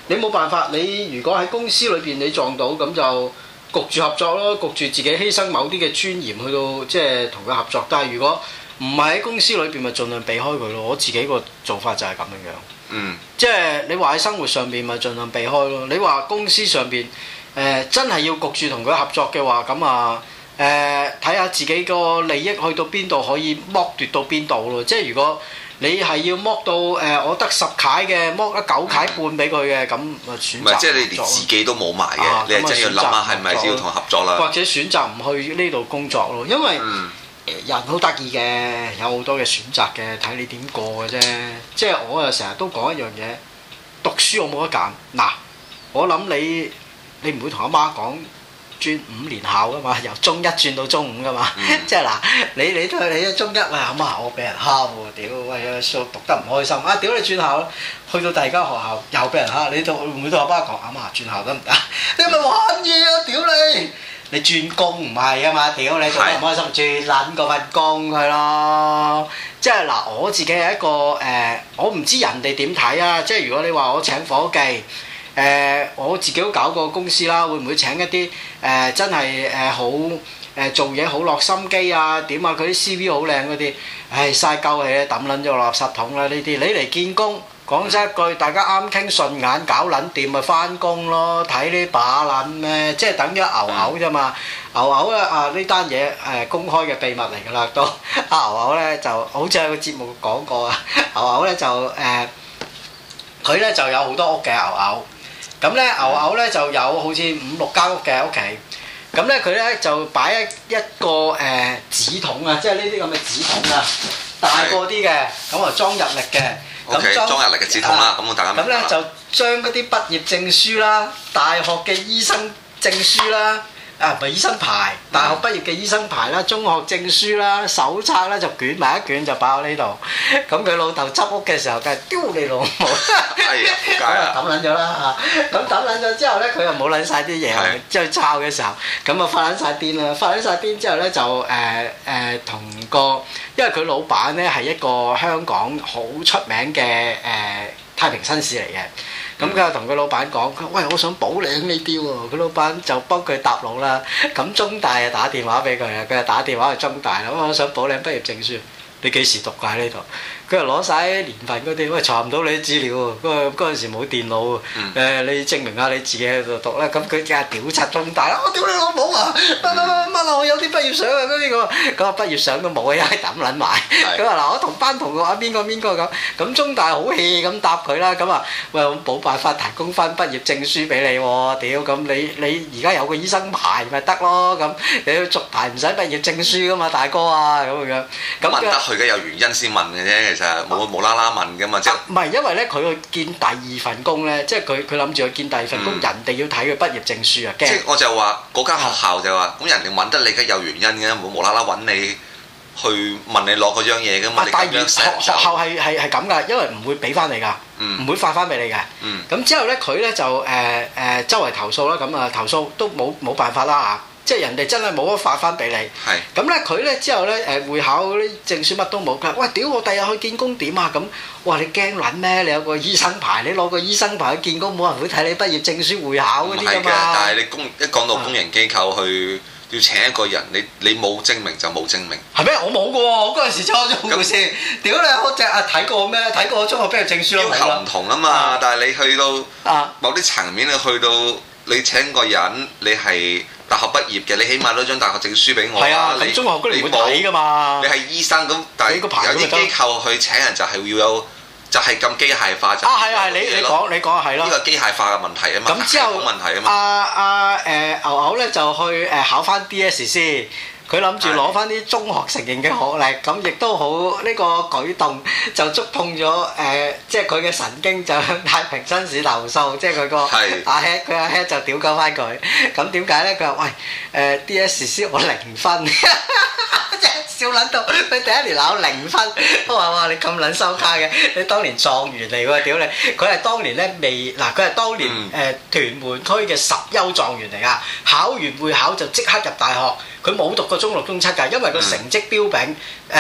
你冇辦法，你如果喺公司裏邊你撞到咁就焗住合作咯，焗住自己犧牲某啲嘅尊嚴去到即係同佢合作。但係如果唔係喺公司裏邊，咪盡量避開佢咯。我自己個做法就係咁樣樣。嗯，即係你話喺生活上邊咪盡量避開咯。你話公司上邊，誒、呃、真係要焗住同佢合作嘅話，咁啊誒睇下自己個利益去到邊度可以剝奪到邊度咯。即係如果你係要剝到誒、呃，我得十攤嘅剝咗九攤半俾佢嘅，咁咪、嗯、選擇。唔係即係你連自己都冇埋嘅，你係真要諗下係咪要同佢合作啦、啊？或者選擇唔去呢度工作咯，因為。嗯人好得意嘅，有好多嘅選擇嘅，睇你點過嘅啫。即係我又成日都講一樣嘢，讀書我冇得揀。嗱，我諗你你唔會同阿媽講轉五年校噶嘛？由中一轉到中五噶嘛？嗯、即係嗱，你你都係你一中一喂阿媽我俾人蝦喎，屌喂，咗讀得唔開心啊，屌你轉校去到第二間學校又俾人蝦，你都會唔會同阿媽講？阿媽轉校得唔得？你係咪玩嘢啊，屌你！你轉工唔係啊嘛，屌你做得唔開心，轉撚個份工佢咯。即係嗱，我自己係一個誒，我唔知人哋點睇啊。即係如果你話我請夥計，誒我自己都搞個公司啦，會唔會請一啲誒真係誒好誒做嘢好落心機啊？點啊？佢啲 CV 好靚嗰啲，唉嘥鳩氣啊，抌撚咗垃圾桶啦！呢啲你嚟見工。講真一句，大家啱傾順眼，搞撚掂咪翻工咯。睇呢把撚咩？即係等於牛牛啫嘛。牛牛咧啊，呢單嘢誒公開嘅秘密嚟㗎啦，都牛牛咧就好似喺個節目講過啊。牛牛咧就誒，佢咧就有好多屋嘅牛牛。咁咧牛牛咧就有好似五六間屋嘅屋企。咁咧佢咧就擺一一個誒紙筒啊，即係呢啲咁嘅紙筒啊，大個啲嘅，咁啊裝入力嘅。咁將入嚟嘅紙筒啦，咁我大家問下啦。咁呢就將嗰啲畢業證書啦、大學嘅醫生證書啦。啊，唔係醫生牌，大學畢業嘅醫生牌啦，中學證書啦，手冊啦就捲埋一卷就擺喺呢度。咁佢老豆執屋嘅時候，梗係丟你老母，點解、哎嗯、啊？抌撚咗啦嚇！咁抌撚咗之後咧，佢又冇撚晒啲嘢，的之後抄嘅時候，咁啊發撚晒癲啦，發撚晒癲之後咧就誒誒同個，因為佢老闆咧係一個香港好出名嘅誒、呃、太平紳士嚟嘅。咁佢又同佢老闆講：佢話，喂，我想補領呢啲喎。佢老闆就幫佢搭路啦。咁中大又打電話俾佢啊，佢又打電話去中大啦。咁我想補領畢業證書，你幾時讀㗎喺呢度？佢又攞晒年份嗰啲，喂、哎、查唔到你啲資料喎，嗰個嗰陣時冇電腦、呃、你證明下你自己喺度讀啦，咁佢梗係屌柒中大啦， (laughs) 我屌你老母啊，乜乜乜我有啲畢業相啊，嗰啲咁啊，咁啊畢業相都冇啊，一揼撚埋，咁啊嗱我同班同學啊邊個邊個咁，咁中大好 hea 咁答佢啦，咁啊喂咁冇辦法提供翻畢業證書俾你喎。屌咁你你而家有個醫生牌咪得咯，咁你要續牌唔使畢業證書噶嘛大哥啊咁樣，咁問得去嘅有原因先問嘅啫。就冇冇啦啦問嘅嘛，即係唔係因為咧佢去見第二份工咧，即係佢佢諗住去見第二份工，嗯、份工人哋要睇佢畢業證書啊，驚，即係我就話嗰間學校就話，咁人哋揾得你梗係有原因嘅，冇冇啦啦揾你去問你攞嗰、啊、樣嘢嘅嘛。但係、啊、學校係係係咁㗎，因為唔會俾翻你㗎，唔、嗯、會發翻俾你嘅。咁、嗯嗯、之後咧，佢咧就誒誒周圍投訴啦，咁啊投訴都冇冇辦法啦嚇。啊即係人哋真係冇得發翻俾你，咁咧佢咧之後咧誒會考嗰啲證書乜都冇，佢喂，屌我第日去見工點啊？咁，哇！你驚卵咩？你有個醫生牌，你攞個醫生牌去見工，冇人會睇你畢業證書、會考嗰啲噶嘛。唔係嘅，但係你工一講到公營機構去要請一個人，啊、你你冇證明就冇證明。係咩？我冇噶喎，我嗰陣時初中先，屌你嗰隻啊睇過咩？睇過中學畢業證書咯，要求唔同啊嘛。啊但係你去到某啲層面，你去到你請個人，你係。大學畢業嘅，你起碼都張大學證書俾我啦。啊、你中學嗰年冇睇噶嘛？你係醫生咁，但係有啲機構去請人就係要有，就係、是、咁機械化、啊、就。啊係啊係，你你講你講啊係咯。呢個機械化嘅問題啊嘛，咁之後問題啊嘛。阿阿誒牛牛咧就去誒考翻 DSE。佢諗住攞翻啲中學承認嘅學歷，咁亦都好呢個舉動就觸碰咗誒，即係佢嘅神經，就太平紳士投訴，即係佢個阿 Head，佢阿 Head 就屌鳩翻佢。咁點解咧？佢話喂誒 D.S.C. 我零分，真係笑撚到佢，第一年考零分，我話哇你咁撚收卡嘅，你當年狀元嚟喎屌你！佢係當年咧未嗱，佢係當年誒屯門區嘅十優狀元嚟啊！考完會考就即刻入大學。佢冇讀過中六中七㗎，因為個成績彪炳。誒，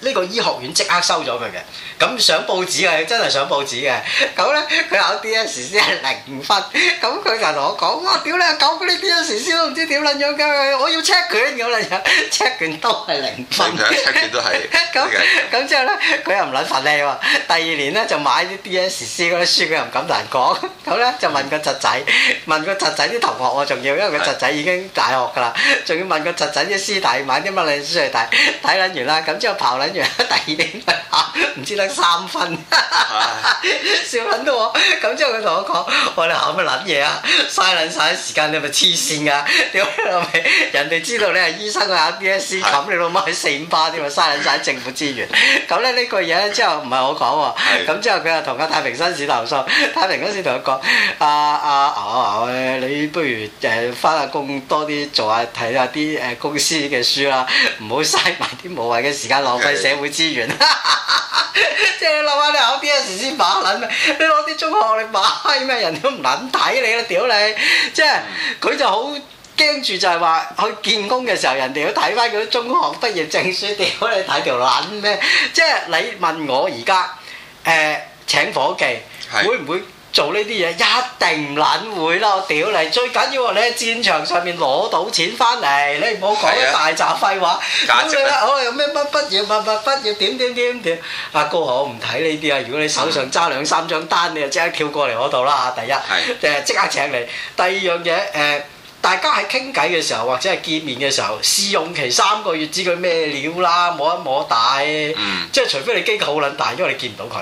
呢個醫學院即刻收咗佢嘅，咁上報紙嘅真係上報紙嘅，咁咧佢考 D S C 係零分，咁佢就同我講，哇屌你啊，搞嗰啲 D S C 都唔知點撚樣嘅，我要 check 卷，咁樣樣，check 卷都係零分，check 卷，卷都係，咁咁之後咧佢又唔撚發脷喎，第二年咧就買啲 D S C 嗰啲書，佢又唔敢同人講，咁咧就問個侄仔，問個侄仔啲同學我仲要，因為個侄仔已經大學㗎啦，仲要問個侄仔啲師弟買啲乜嘢書嚟睇，睇撚完啦咁。之後刨撚完，第二年唔知得三分，笑撚的到我。咁之後佢同我講：我你考咩撚嘢啊？嘥撚晒啲時間，你係咪黐線㗎？屌你老味！人哋知道你係醫生 BS, 的，啊係 B S C，咁你老媽喺四五巴添的啊！嘥撚晒政府資源。咁咧呢句嘢之後唔係我講喎。咁之後佢又同個太平紳士投訴，太平紳士同佢講：阿阿牛牛你不如就誒翻下工多啲，做下睇下啲誒公司嘅書啦，唔好嘥埋啲無謂嘅事。」時間浪費社會資源，即 (laughs) 係你諗下，你考 DSE 先把撚咩？你攞啲中學你把咩？人都唔撚睇你啦，屌你！即係佢就好驚住，就係話去建工嘅時候，人哋要睇翻佢啲中學畢業證書，屌你睇條撚咩？即係你問我而家誒請伙計是會唔會？做呢啲嘢一定唔撚會啦！我屌你，最緊要你喺戰場上面攞到錢翻嚟，你唔好講啲大雜廢話。好啦，好啦，有咩乜乜嘢辦法？乜嘢點點點點。阿哥，哥我唔睇呢啲啊！如果你手上揸兩三張單，你就即刻跳過嚟我度啦嚇。第一，誒即即刻請你。第二樣嘢誒、呃，大家喺傾偈嘅時候或者係見面嘅時候，試用期三個月，知佢咩料啦，摸一摸底。嗯、即係除非你機構好撚大，因為你見唔到佢。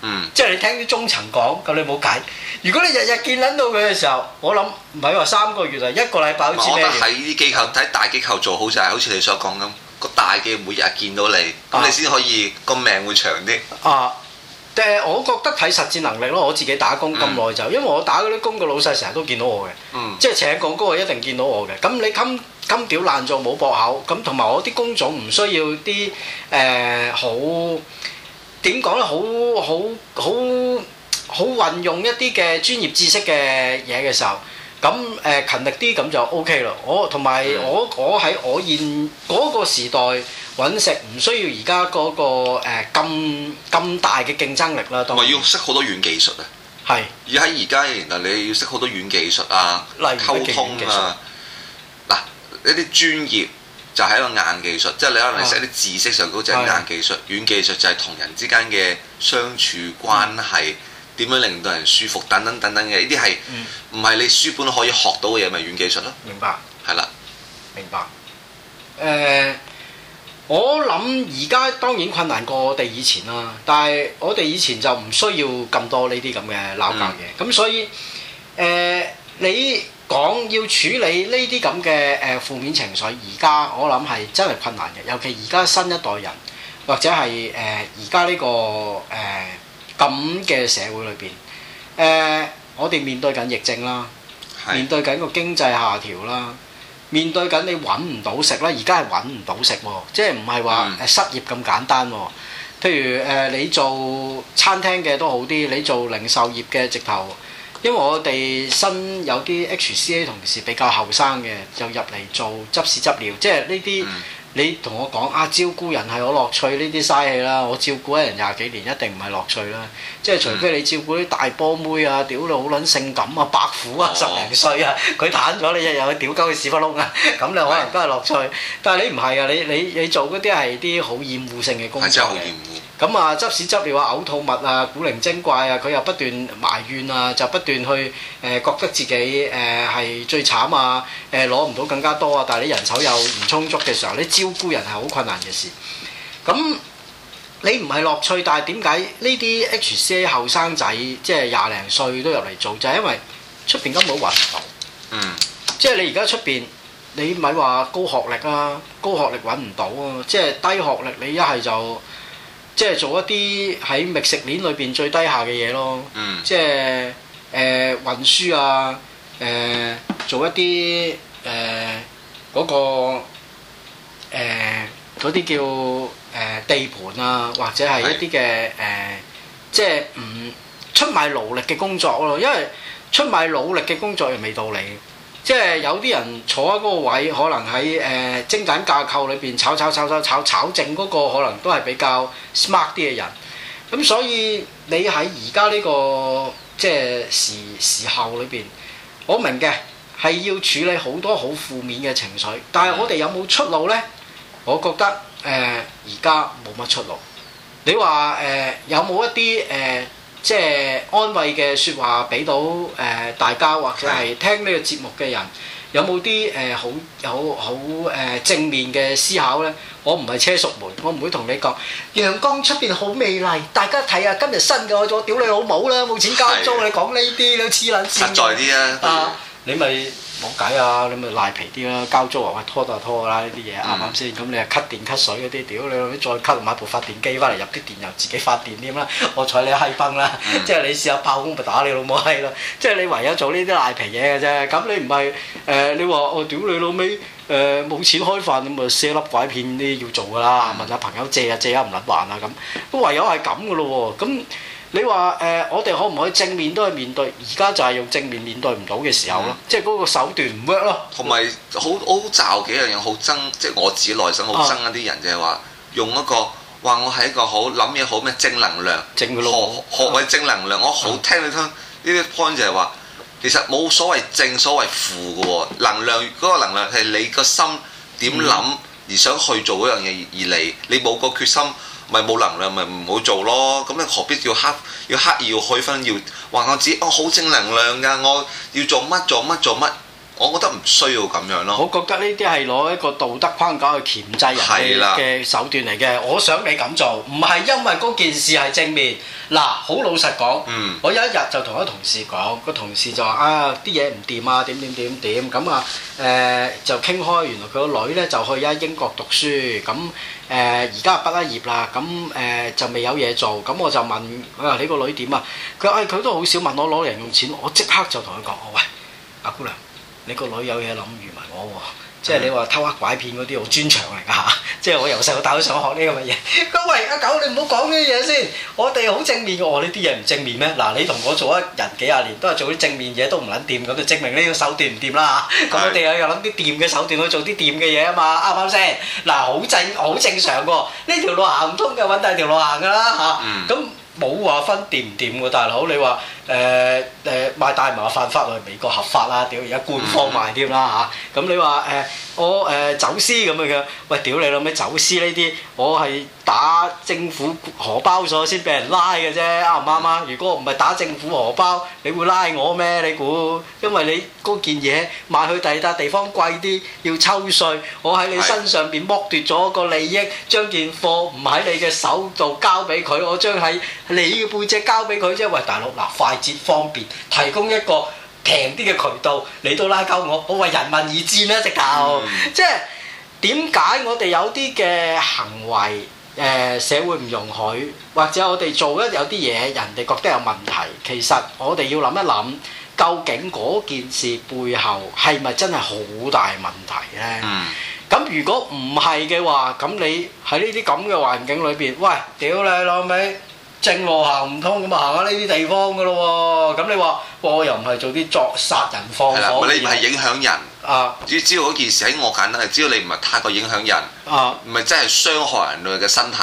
嗯，即係你聽啲中層講，咁你冇計。如果你日日見撚到佢嘅時候，我諗唔係話三個月啊，一個禮拜好似咩嘢。我喺啲機構、睇、嗯、大機構做好晒、就係，好似你所講咁，個大嘅每日見到你，咁、啊、你先可以個命會長啲。啊，誒，我覺得睇實戰能力咯。我自己打工咁耐就，嗯、因為我打嗰啲工個老細成日都見到我嘅，嗯、即係請過工啊一定見到我嘅。咁你今今屌爛做冇駁口，咁同埋我啲工種唔需要啲誒、呃、好。點講咧？好好好好運用一啲嘅專業知識嘅嘢嘅時候，咁誒勤力啲咁就 O K 啦。我同埋、嗯、我我喺我現嗰、嗰個時代揾食唔需要而家嗰個咁咁、呃、大嘅競爭力啦。同埋要識好多軟技術啊！係是而喺而家嘅年代，你要識好多軟技術啊，例如溝通技術啊，嗱一啲專業。就係一個硬技術，即、就、係、是、你可能識一啲知識上嗰隻、哦、硬技術，是的 軟技術就係同人之間嘅相處關係，點樣、嗯、令到人舒服，等等等等嘅，呢啲係唔係你書本可以學到嘅嘢，咪、就是、軟技術咯？明白。係啦，明白。誒、呃，我諗而家當然困難過我哋以前啦，但係我哋以前就唔需要咁多呢啲咁嘅鬧交嘢。咁、嗯、所以誒、呃、你。你講要處理呢啲咁嘅誒負面情緒，而家我諗係真係困難嘅，尤其而家新一代人，或者係誒而家呢個誒咁嘅社會裏邊，誒、呃、我哋面對緊疫症啦是，面對緊個經濟下調啦，面對緊你揾唔到食啦，而家係揾唔到食喎，即係唔係話失業咁簡單喎？譬如誒、呃、你做餐廳嘅都好啲，你做零售業嘅直頭。因為我哋新有啲 HCA 同事比較後生嘅，就入嚟做執屎執尿，即係呢啲你同我講啊，照顧人係我樂趣，呢啲嘥氣啦！我照顧一人廿幾年一定唔係樂趣啦。即係除非你照顧啲大波妹啊，屌到好撚性感啊，白虎啊，哦、十零歲啊，佢癱咗你日日去屌鳩佢屎忽窿啊，咁 (laughs) 你可能都係樂趣。么但係你唔係啊，你你你做嗰啲係啲好厭惡性嘅工作咁啊，執屎執尿啊，嘔吐物啊，古靈精怪啊，佢又不斷埋怨啊，就不斷去誒、呃、覺得自己誒係、呃、最慘啊，誒攞唔到更加多啊。但係你人手又唔充足嘅時候，你照顧人係好困難嘅事。咁、嗯、你唔係樂趣，但係點解呢啲 H C A 後生仔即係廿零歲都入嚟做，就係、是、因為出邊根本揾唔到。嗯，即係你而家出邊，你咪話高學歷啊，高學歷揾唔到啊，即係低學歷你一係就。即係做一啲喺覓食鏈裏邊最低下嘅嘢咯，嗯、即係誒、呃、運輸啊，誒、呃、做一啲誒嗰個嗰啲、呃、叫誒、呃、地盤啊，或者係一啲嘅誒即係唔出賣勞力嘅工作咯，因為出賣勞力嘅工作又未到嚟。即係有啲人坐喺嗰個位，可能喺誒、呃、精簡架構裏邊炒炒炒炒炒炒，炒正嗰個，可能都係比較 smart 啲嘅人。咁所以你喺而家呢個即係時時候裏邊，我明嘅係要處理好多好負面嘅情緒。但係我哋有冇出路呢？我覺得誒而家冇乜出路。你話誒、呃、有冇一啲誒？呃即係安慰嘅説話俾到誒，大家，或者係聽呢個節目嘅人，有冇啲誒好有好誒、呃、正面嘅思考呢？我唔係車熟門，我唔會同你講陽光出面好美麗，大家睇下今日新嘅，我屌你老母啦，冇錢交租的，你講呢啲都黐撚線。實在啲啊！啊嗯你咪冇計啊！你咪賴皮啲啦，交租啊喂，拖就拖啦，呢啲嘢啱唔啱先？咁你又 cut 電 cut 水嗰啲屌你老尾再 cut 買部發電機翻嚟入啲電油自己發電添啦？我睬你閪崩啦！即係你試下爆工咪打你老母閪咯！即係你唯有做呢啲賴皮嘢嘅啫。咁你唔係誒？你話我屌你老味誒冇錢開飯咁啊，蝨粒拐片啲要做噶啦？問下朋友借啊，借啊唔甩還啊咁。都唯有係咁噶咯喎咁。你話誒、呃，我哋可唔可以正面都去面對？而家就係用正面面對唔到嘅時候咯，嗯、即係嗰個手段唔 work 咯。同埋好好詐嘅一樣，好憎，即、就、係、是、我自己內心好憎一啲、啊、人就係話用一個話我係一個好諗嘢好咩正能量，學學、嗯、為正能量。我好聽你聽呢啲 point 就係話，嗯、其實冇所謂正，所謂負嘅喎。能量嗰、那個能量係你個心點諗而想去做嗰樣嘢而嚟，你冇個決心。咪冇能量咪唔好做咯，咁你何必要刻要刻意要去分要話我知哦好正能量㗎，我要做乜做乜做乜，我覺得唔需要咁樣咯。我覺得呢啲係攞一個道德框架去鉗制人嘅嘅手段嚟嘅，我想你咁做，唔係因為嗰件事係正面。嗱，好老實講，我有一日就同一同事講，個同事就話啊啲嘢唔掂啊點點點點咁啊，誒就傾開，原來佢個女咧就去咗英國讀書咁。誒而家畢咗業啦，咁、呃、誒就未有嘢做，咁我就問佢話、呃、你個女點啊？佢誒佢都好少問我攞零用錢，我即刻就同佢講：喂，阿、啊、姑娘，你個女有嘢諗住埋我喎、啊，嗎即係你話偷呃拐騙嗰啲好專長嚟㗎。即係我由細到大都想學呢咁嘅嘢，咁 (laughs) 喂阿、啊、狗，你唔好講呢啲嘢先，我哋好正面嘅，呢啲嘢唔正面咩？嗱，你同我做一日幾廿年都係做啲正面嘢，都唔撚掂，咁就證明呢個手，是手段唔掂啦。咁我哋又又諗啲掂嘅手段去做啲掂嘅嘢啊嘛，啱啱先？嗱，好正好正常嘅喎，呢條路行唔通嘅揾第二條路行㗎啦嚇。咁冇話分掂唔掂嘅，大佬你話。誒誒賣大麻犯法，去美國合法啦、啊，屌而家官方賣添啦嚇，咁你話誒我誒走私咁嘅樣，喂屌你老咩走私呢啲？我係打政府荷包咗先俾人拉嘅啫，啱唔啱啊？嗯、如果唔係打政府荷包，你會拉我咩？你估？因為你嗰件嘢賣去第二笪地方貴啲，要抽稅，我喺你身上邊剝奪咗個利益，將是件貨唔喺你嘅手度交俾佢，我將喺你嘅背脊交俾佢啫。喂，大佬嗱快！節方便，提供一個平啲嘅渠道嚟到拉鳩我，我為人民而戰啦！直頭，即係點解我哋有啲嘅行為誒社會唔容許，或者我哋做一有啲嘢人哋覺得有問題，其實我哋要諗一諗，究竟嗰件事背後係咪真係好大問題咧？咁如果唔係嘅話，咁你喺呢啲咁嘅環境裏邊，喂，屌你老味！正路行唔通咁啊，行下呢啲地方嘅咯喎。咁你話我又唔係做啲作殺人放火，唔係你唔係影響人啊。只要嗰件事喺我簡單，只要你唔係太過影響人，唔係、啊、真係傷害人類嘅身體，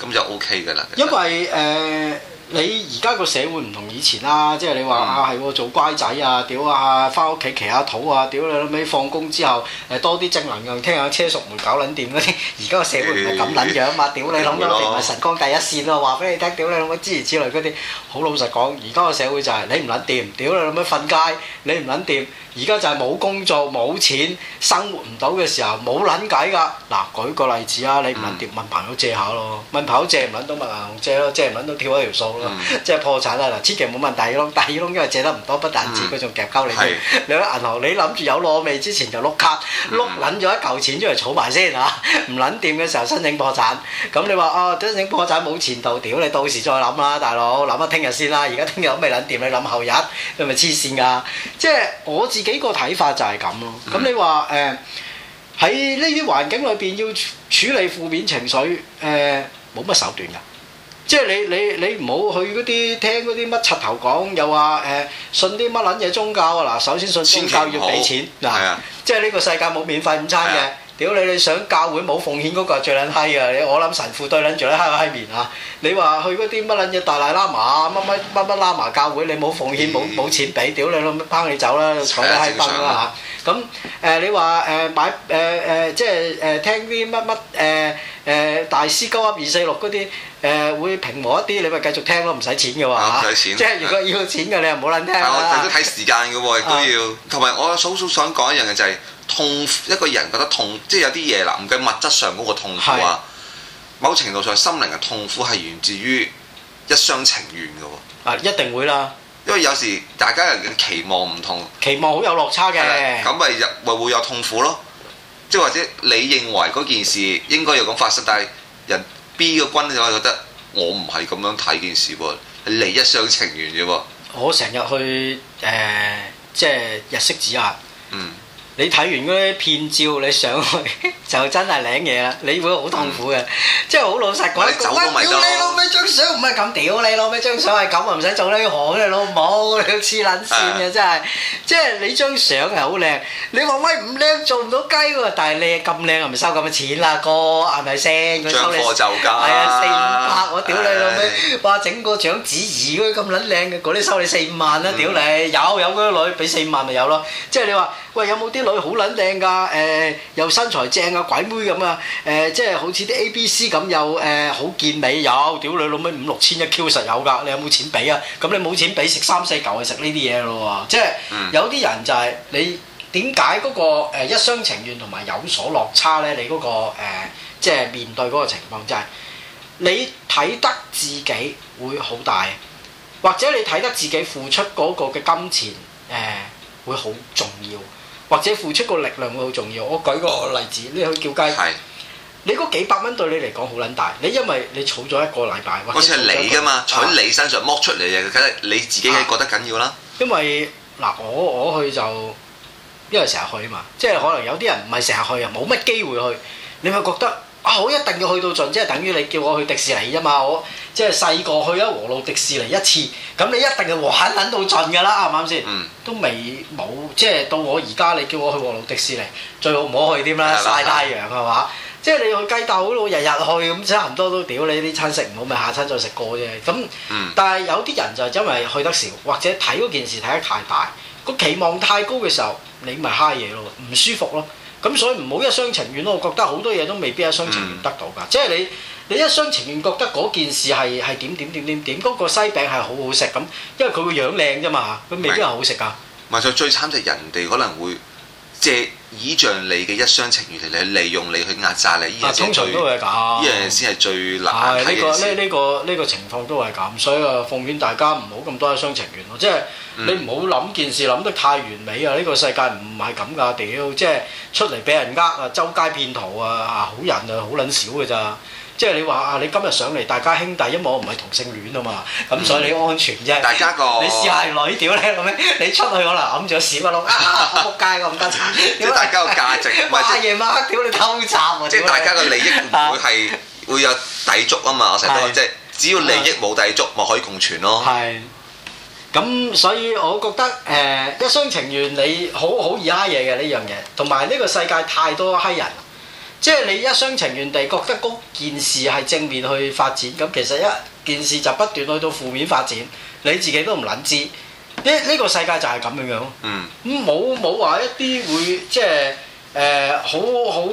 咁就 OK 噶啦。因為誒。呃你而家個社會唔同以前啦，即係你話啊係喎做乖仔啊，屌啊，翻屋企騎下土啊，屌你老味放工之後，誒多啲正能量，聽下車淑梅搞撚掂啲。而家個社會唔係咁撚樣嘛，屌你老味，連埋晨光第一線啊，話俾你聽，屌你老味，諸如此類嗰啲。好老實講，而家個社會就係你唔撚掂，屌你老味瞓街，你唔撚掂。而家就係冇工作冇錢，生活唔到嘅時候冇撚計㗎。嗱，舉個例子啊，你唔撚掂問朋友借下咯，問朋友借唔撚到咪銀行借咯，借唔撚到跳一條數。嗯、即係破產啦！嗱，千祈冇問大耳窿，大耳窿因為借得唔多，不但止佢仲夾鳩你。是的 你喺銀行，你諗住有攞未？之前就碌卡，碌撚咗一嚿錢出嚟儲埋先嚇。唔撚掂嘅時候申請破產，咁、嗯嗯、你話哦、啊，申請破產冇前途，屌你到時再諗啦，大佬諗下聽日先啦，而家聽日都未撚掂，你諗後日，你咪黐線㗎！即係我自己個睇法就係咁咯。咁、嗯嗯、你話誒喺呢啲環境裏邊要處理負面情緒，誒冇乜手段㗎。即係你你你唔好去嗰啲聽嗰啲乜柒頭講，又話誒、呃、信啲乜撚嘢宗教啊！嗱，首先信宗教要畀錢嗱，即係呢個世界冇免費午餐嘅。屌你！你想教會冇奉獻嗰個最撚閪啊！你我諗神父都撚住咧閪閪面嚇。你話去嗰啲乜撚嘢達賴喇嘛啊乜乜乜乜喇嘛教會，你冇奉獻冇冇錢俾，屌你老母拋你走啦，坐喺閪崩啦嚇。咁誒常、啊呃、你話誒、呃、買誒誒、呃呃、即係誒聽啲乜乜誒誒大師高級二四六嗰啲誒會平和一啲，你咪繼續聽咯，唔使錢嘅喎，唔使錢。啊、即係如果要錢嘅，的你又冇撚聽啦。但係都睇時間嘅喎，亦都要。同埋 (laughs) (laughs) 我初初想講一樣嘅就係、是。痛苦一個人覺得痛，即係有啲嘢啦，唔計物質上嗰個痛苦啊。是某程度上，心靈嘅痛苦係源自於一廂情願嘅喎。啊，一定會啦。因為有時大家嘅期望唔同，期望好有落差嘅，咁咪入咪會有痛苦咯。即係或者你認為嗰件事應該要咁發生，但係人 B 嘅君就覺得我唔係咁樣睇件事喎，係你一廂情願嘅喎。我成日去誒、呃，即係日式指壓。嗯。你睇完嗰啲片照，你上去就真係領嘢啦，你會好痛苦嘅，即係好老實講。我走都未到。屌你老味，張相唔係咁，屌你老味，張相係咁啊，唔使做呢行啦老母，你黐撚線嘅真係，即係你張相係好靚，你話喂，唔靚做唔到雞喎，但係你咁靚又唔收咁嘅錢啦，哥係咪先？張貨就價。係啊，四五百，我屌你老味，哇整個掌子兒嗰啲咁撚靚嘅，嗰啲收你四五萬啦，屌你，有有嗰啲女俾四五萬咪有咯，即係你話喂，有冇啲？佢好撚靚㗎，誒又身材正啊，鬼妹咁啊，誒即係好似啲 A、B、C 咁，又誒好健美，有屌你老味五六千一 q 實有㗎，你有冇錢俾啊？咁你冇錢俾食三四嚿，係食呢啲嘢咯，即係有啲人就係、是、你點解嗰個一廂情願同埋有所落差咧？你嗰、那個、呃、即係面對嗰個情況就係、是、你睇得自己會好大，或者你睇得自己付出嗰個嘅金錢誒、呃、會好重要。或者付出個力量會好重要。我舉個例子，哦、你去叫雞，是你嗰幾百蚊對你嚟講好撚大。你因為你儲咗一個禮拜，好似係你噶嘛，坐喺你身上剝、啊、出嚟嘅，梗係你自己覺得緊要啦、啊。因為嗱，我我去就因為成日去啊嘛，即係可能有啲人唔係成日去啊，冇乜機會去，你咪覺得，好一定要去到盡，即係等於你叫我去迪士尼啫嘛，我即係細個去咗和路迪士尼一次，咁你一定係玩撚到盡㗎啦，啱唔啱先？嗯、都未冇，即係到我而家你叫我去和路迪士尼，最好唔好去添啦，嗯、曬太陽係嘛？即係你去雞竇都日日去咁，差唔多都屌你啲餐食唔好，咪、就是、下餐再食過啫。咁，但係、嗯、有啲人就係因為去得少，或者睇嗰件事睇得太大，個期望太高嘅時候，你咪蝦嘢咯，唔舒服咯。咁所以唔好一廂情願咯，我覺得好多嘢都未必一廂情願得到㗎。嗯、即係你你一廂情願覺得嗰件事係係點點點點點，嗰、嗰個西餅係好好食咁，因為佢個樣靚啫嘛，佢未必係好食㗎。唔係，咪就最慘就係人哋可能會。借倚仗你嘅一廂情願嚟，嚟利用你去壓榨你。依樣都係最，呢樣先係最難、哎。係、呢、呢個呢呢、呢個呢、呢個情況都係咁，所以啊，奉勸大家唔好咁多一廂情願咯。即係你唔好諗件事諗得太完美啊！呢、呢個世界唔係咁㗎屌！即係出嚟俾人呃啊，周街騙徒啊，好人啊好撚少㗎咋～即係你話啊！你今日上嚟，大家兄弟，因為我唔係同性戀啊嘛，咁所以你安全啫。大家個你試下女屌你咁樣，你出去可能揞住個屎窟窿，啊！仆街，咁得閑。大家個價值，唔係。夜晚黑屌你偷賊即係大家個利益會係會有抵觸啊嘛！我成日都即係只要利益冇抵觸，咪可以共存咯。係。咁所以我覺得誒一廂情願你好好易蝦嘢嘅呢樣嘢，同埋呢個世界太多閪人。即係你一廂情願地覺得嗰件事係正面去發展，咁其實一件事就不斷去到負面發展，你自己都唔撚知。呢、這、呢個世界就係咁樣樣，咁冇冇話一啲會即係好、呃、好。好好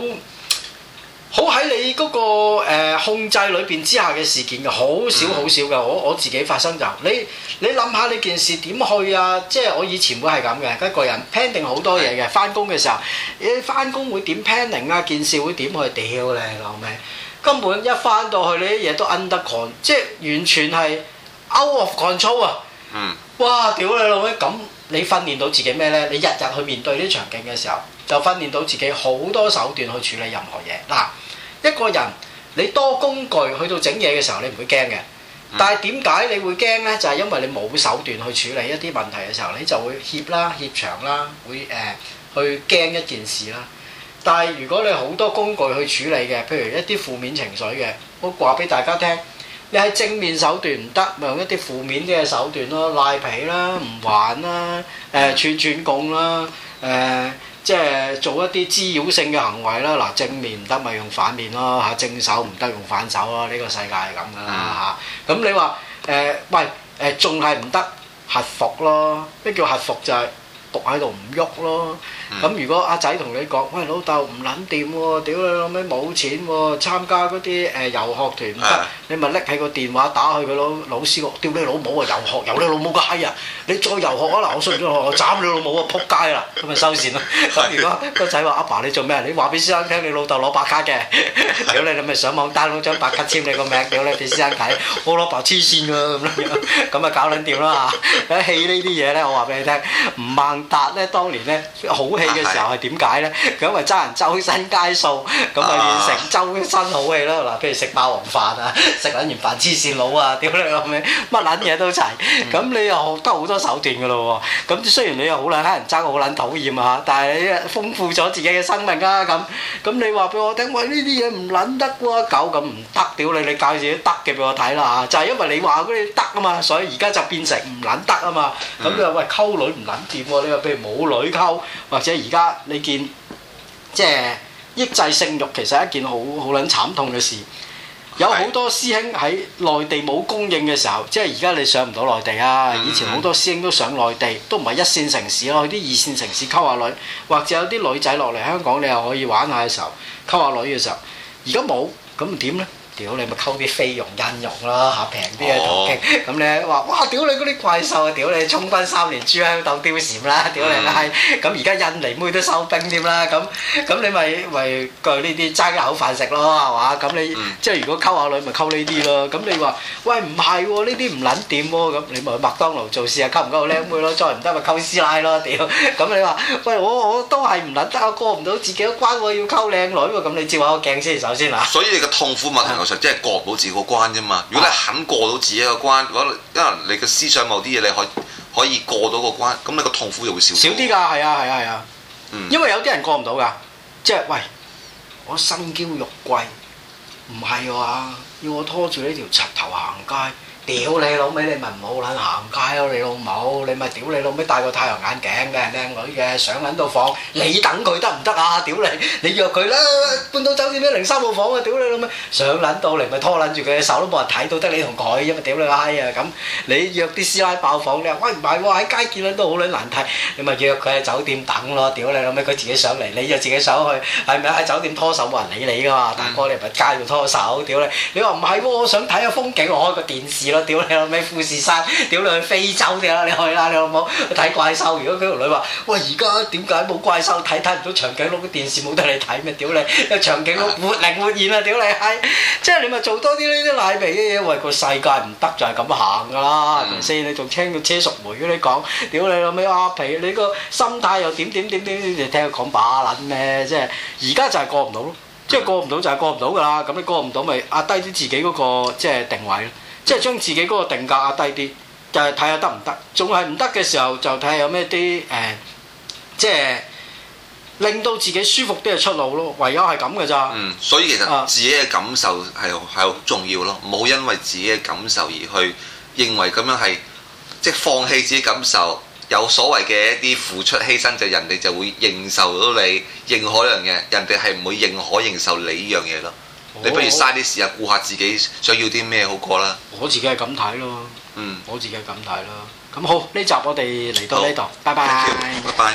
好喺你嗰、那個、呃、控制裏邊之下嘅事件㗎，好少好少㗎。我我自己發生就你你諗下，你件事點去啊？即係我以前會係咁嘅，一個人 plan 定好多嘢嘅。翻工嘅時候，你翻工會點 plan 定啊？件事會點去屌你老味？嗯、根本一翻到去你啲嘢都 under control，即係完全係 out of control 啊！嗯、哇！屌你老味，咁、嗯、你訓練到自己咩呢？你日日去面對呢啲場景嘅時候，就訓練到自己好多手段去處理任何嘢嗱。一個人你多工具去到整嘢嘅時候，你唔會驚嘅。但係點解你會驚呢？就係、是、因為你冇手段去處理一啲問題嘅時候，你就會怯啦、怯場啦，會誒、呃、去驚一件事啦。但係如果你好多工具去處理嘅，譬如一啲負面情緒嘅，我話俾大家聽，你係正面手段唔得，咪用一啲負面啲嘅手段咯，賴皮啦、唔還啦、誒、呃、串串貢啦、誒、呃。即係做一啲滋擾性嘅行為啦，嗱正面唔得咪用反面咯，嚇正手唔得用反手咯，呢、這個世界係咁噶啦嚇。咁、嗯嗯、你話誒、呃、喂誒、呃、仲係唔得？核服咯，咩叫核服？就係伏喺度唔喐咯。咁如果阿仔同你講，喂，老豆唔撚掂喎，屌你老味冇錢喎，參加嗰啲誒遊學團唔得，你咪拎起個電話打去佢老老師個，屌你老母啊遊學遊你老母個閪啊！你再遊學可能我信唔信我，我斬你老母啊！仆街啦，咁咪收線咯。如果個仔話阿爸你做咩？你話俾先生聽你老豆攞白卡嘅，屌你你咪上網 download 張白卡簽你個名，屌你俾先生睇，我攞白黐線啊咁樣，咁咪搞撚掂啦嚇！一氣呢啲嘢咧，我話俾你聽，吳孟達咧當年咧好。嘅時候係點解呢？佢、啊、因咪爭人周身皆數，咁咪變成周身好戲咯。嗱，譬如食霸王飯啊，食撚完飯黐線佬啊，屌你老味乜撚嘢都齊。咁、嗯、你又學得好多手段噶咯喎。咁雖然你又好撚乞人憎，好撚討厭啊，但係你豐富咗自己嘅生命啊。咁咁你話俾我聽，喂呢啲嘢唔撚得啩？狗咁唔得，屌你！你教自己得嘅俾我睇啦就係、是、因為你話嗰啲得啊嘛，所以而家就變成唔撚得啊嘛。咁你話喂溝女唔撚掂喎？你話譬如冇女溝，即係而家你見，即係抑制性欲其實係一件好好撚慘痛嘅事。有好多師兄喺內地冇供應嘅時候，即係而家你上唔到內地啊！以前好多師兄都上內地，都唔係一線城市咯，去啲二線城市溝下女，或者有啲女仔落嚟香港，你又可以玩下嘅時候，溝下女嘅時候。而家冇，咁點呢？屌你咪溝啲菲傭、印傭啦嚇，平啲嘅途徑。咁你話哇，屌你嗰啲怪獸啊，屌你充軍三年，豬喺度釣鱔啦，屌你啦！咁而家印尼妹都收兵添啦，咁咁你咪咪過呢啲爭一口飯食咯，係嘛？咁你即係如果溝下女咪溝呢啲咯。咁你話喂唔係喎，呢啲唔撚掂喎。咁你咪去麥當勞做試下溝唔溝到靚妹咯，再唔得咪溝師奶咯。屌，咁你話喂我我都係唔撚得啊，過唔到自己嘅關喎，我要溝靚女喎。咁你照下個鏡先，首先嚇。所以你嘅痛苦問題。即係過唔到自己個關啫嘛！如果你肯過到自己個關，可能、啊、因為你嘅思想某啲嘢，你可以可以過到個關，咁你個痛苦又會少少啲㗎。係啊，係啊，係啊。啊嗯。因為有啲人過唔到㗎，即係喂，我身嬌玉貴，唔係話要我拖住呢條柒頭行街。屌你老味，你咪唔好撚行街咯！你老母，你咪屌你老味，戴個太陽眼鏡嘅靚女嘅上撚到房，你等佢得唔得啊？屌你！你約佢啦，半島酒店一零三號房啊！屌你老味，上撚到嚟咪拖撚住佢隻手都冇人睇到，得你同佢啫嘛！屌你個閪啊咁！你約啲師奶爆房，你話喂，唔係喎，喺街見人都好撚難睇，你咪約佢喺酒店等咯！屌你老味，佢自己上嚟，你又自己上去，係咪喺酒店拖手冇人理你噶嘛？大哥你咪街度拖手，屌你！你話唔係喎，我想睇下風景，我開個電視。屌你老味富士山，屌你去非洲啲啦，你去啦，你老母去睇怪獸？如果佢條女話，喂，而家點解冇怪獸睇？睇唔到長頸鹿嘅電視冇得你睇咩？屌你，個長頸鹿活靈活現啊！屌你係，即係你咪做多啲呢啲奶味嘅嘢。喂，個世界唔得就係咁行噶啦，係咪先？你仲聽到車淑梅嗰啲講？屌你老味阿皮，你個心態又點點點點？你聽佢講把撚咩？即係而家就係過唔到咯，即係過唔到就係過唔到噶啦。咁你過唔到咪壓低啲自己嗰個即係定位咯。即係將自己嗰個定價壓低啲，就係睇下得唔得。仲係唔得嘅時候，就睇下有咩啲誒，即係令到自己舒服啲嘅出路咯。唯有係咁嘅咋。嗯，所以其實自己嘅感受係係好重要咯。唔好因為自己嘅感受而去認為咁樣係即係放棄自己感受有所謂嘅一啲付出犧牲，就人哋就會認受到你認可樣嘢，人哋係唔會認可認受你呢樣嘢咯。好你不如嘥啲時間顧下自己想要啲咩好過啦。我自己係咁睇咯。嗯，我自己係咁睇咯。咁好，呢集我哋嚟到呢度，好拜拜，拜拜。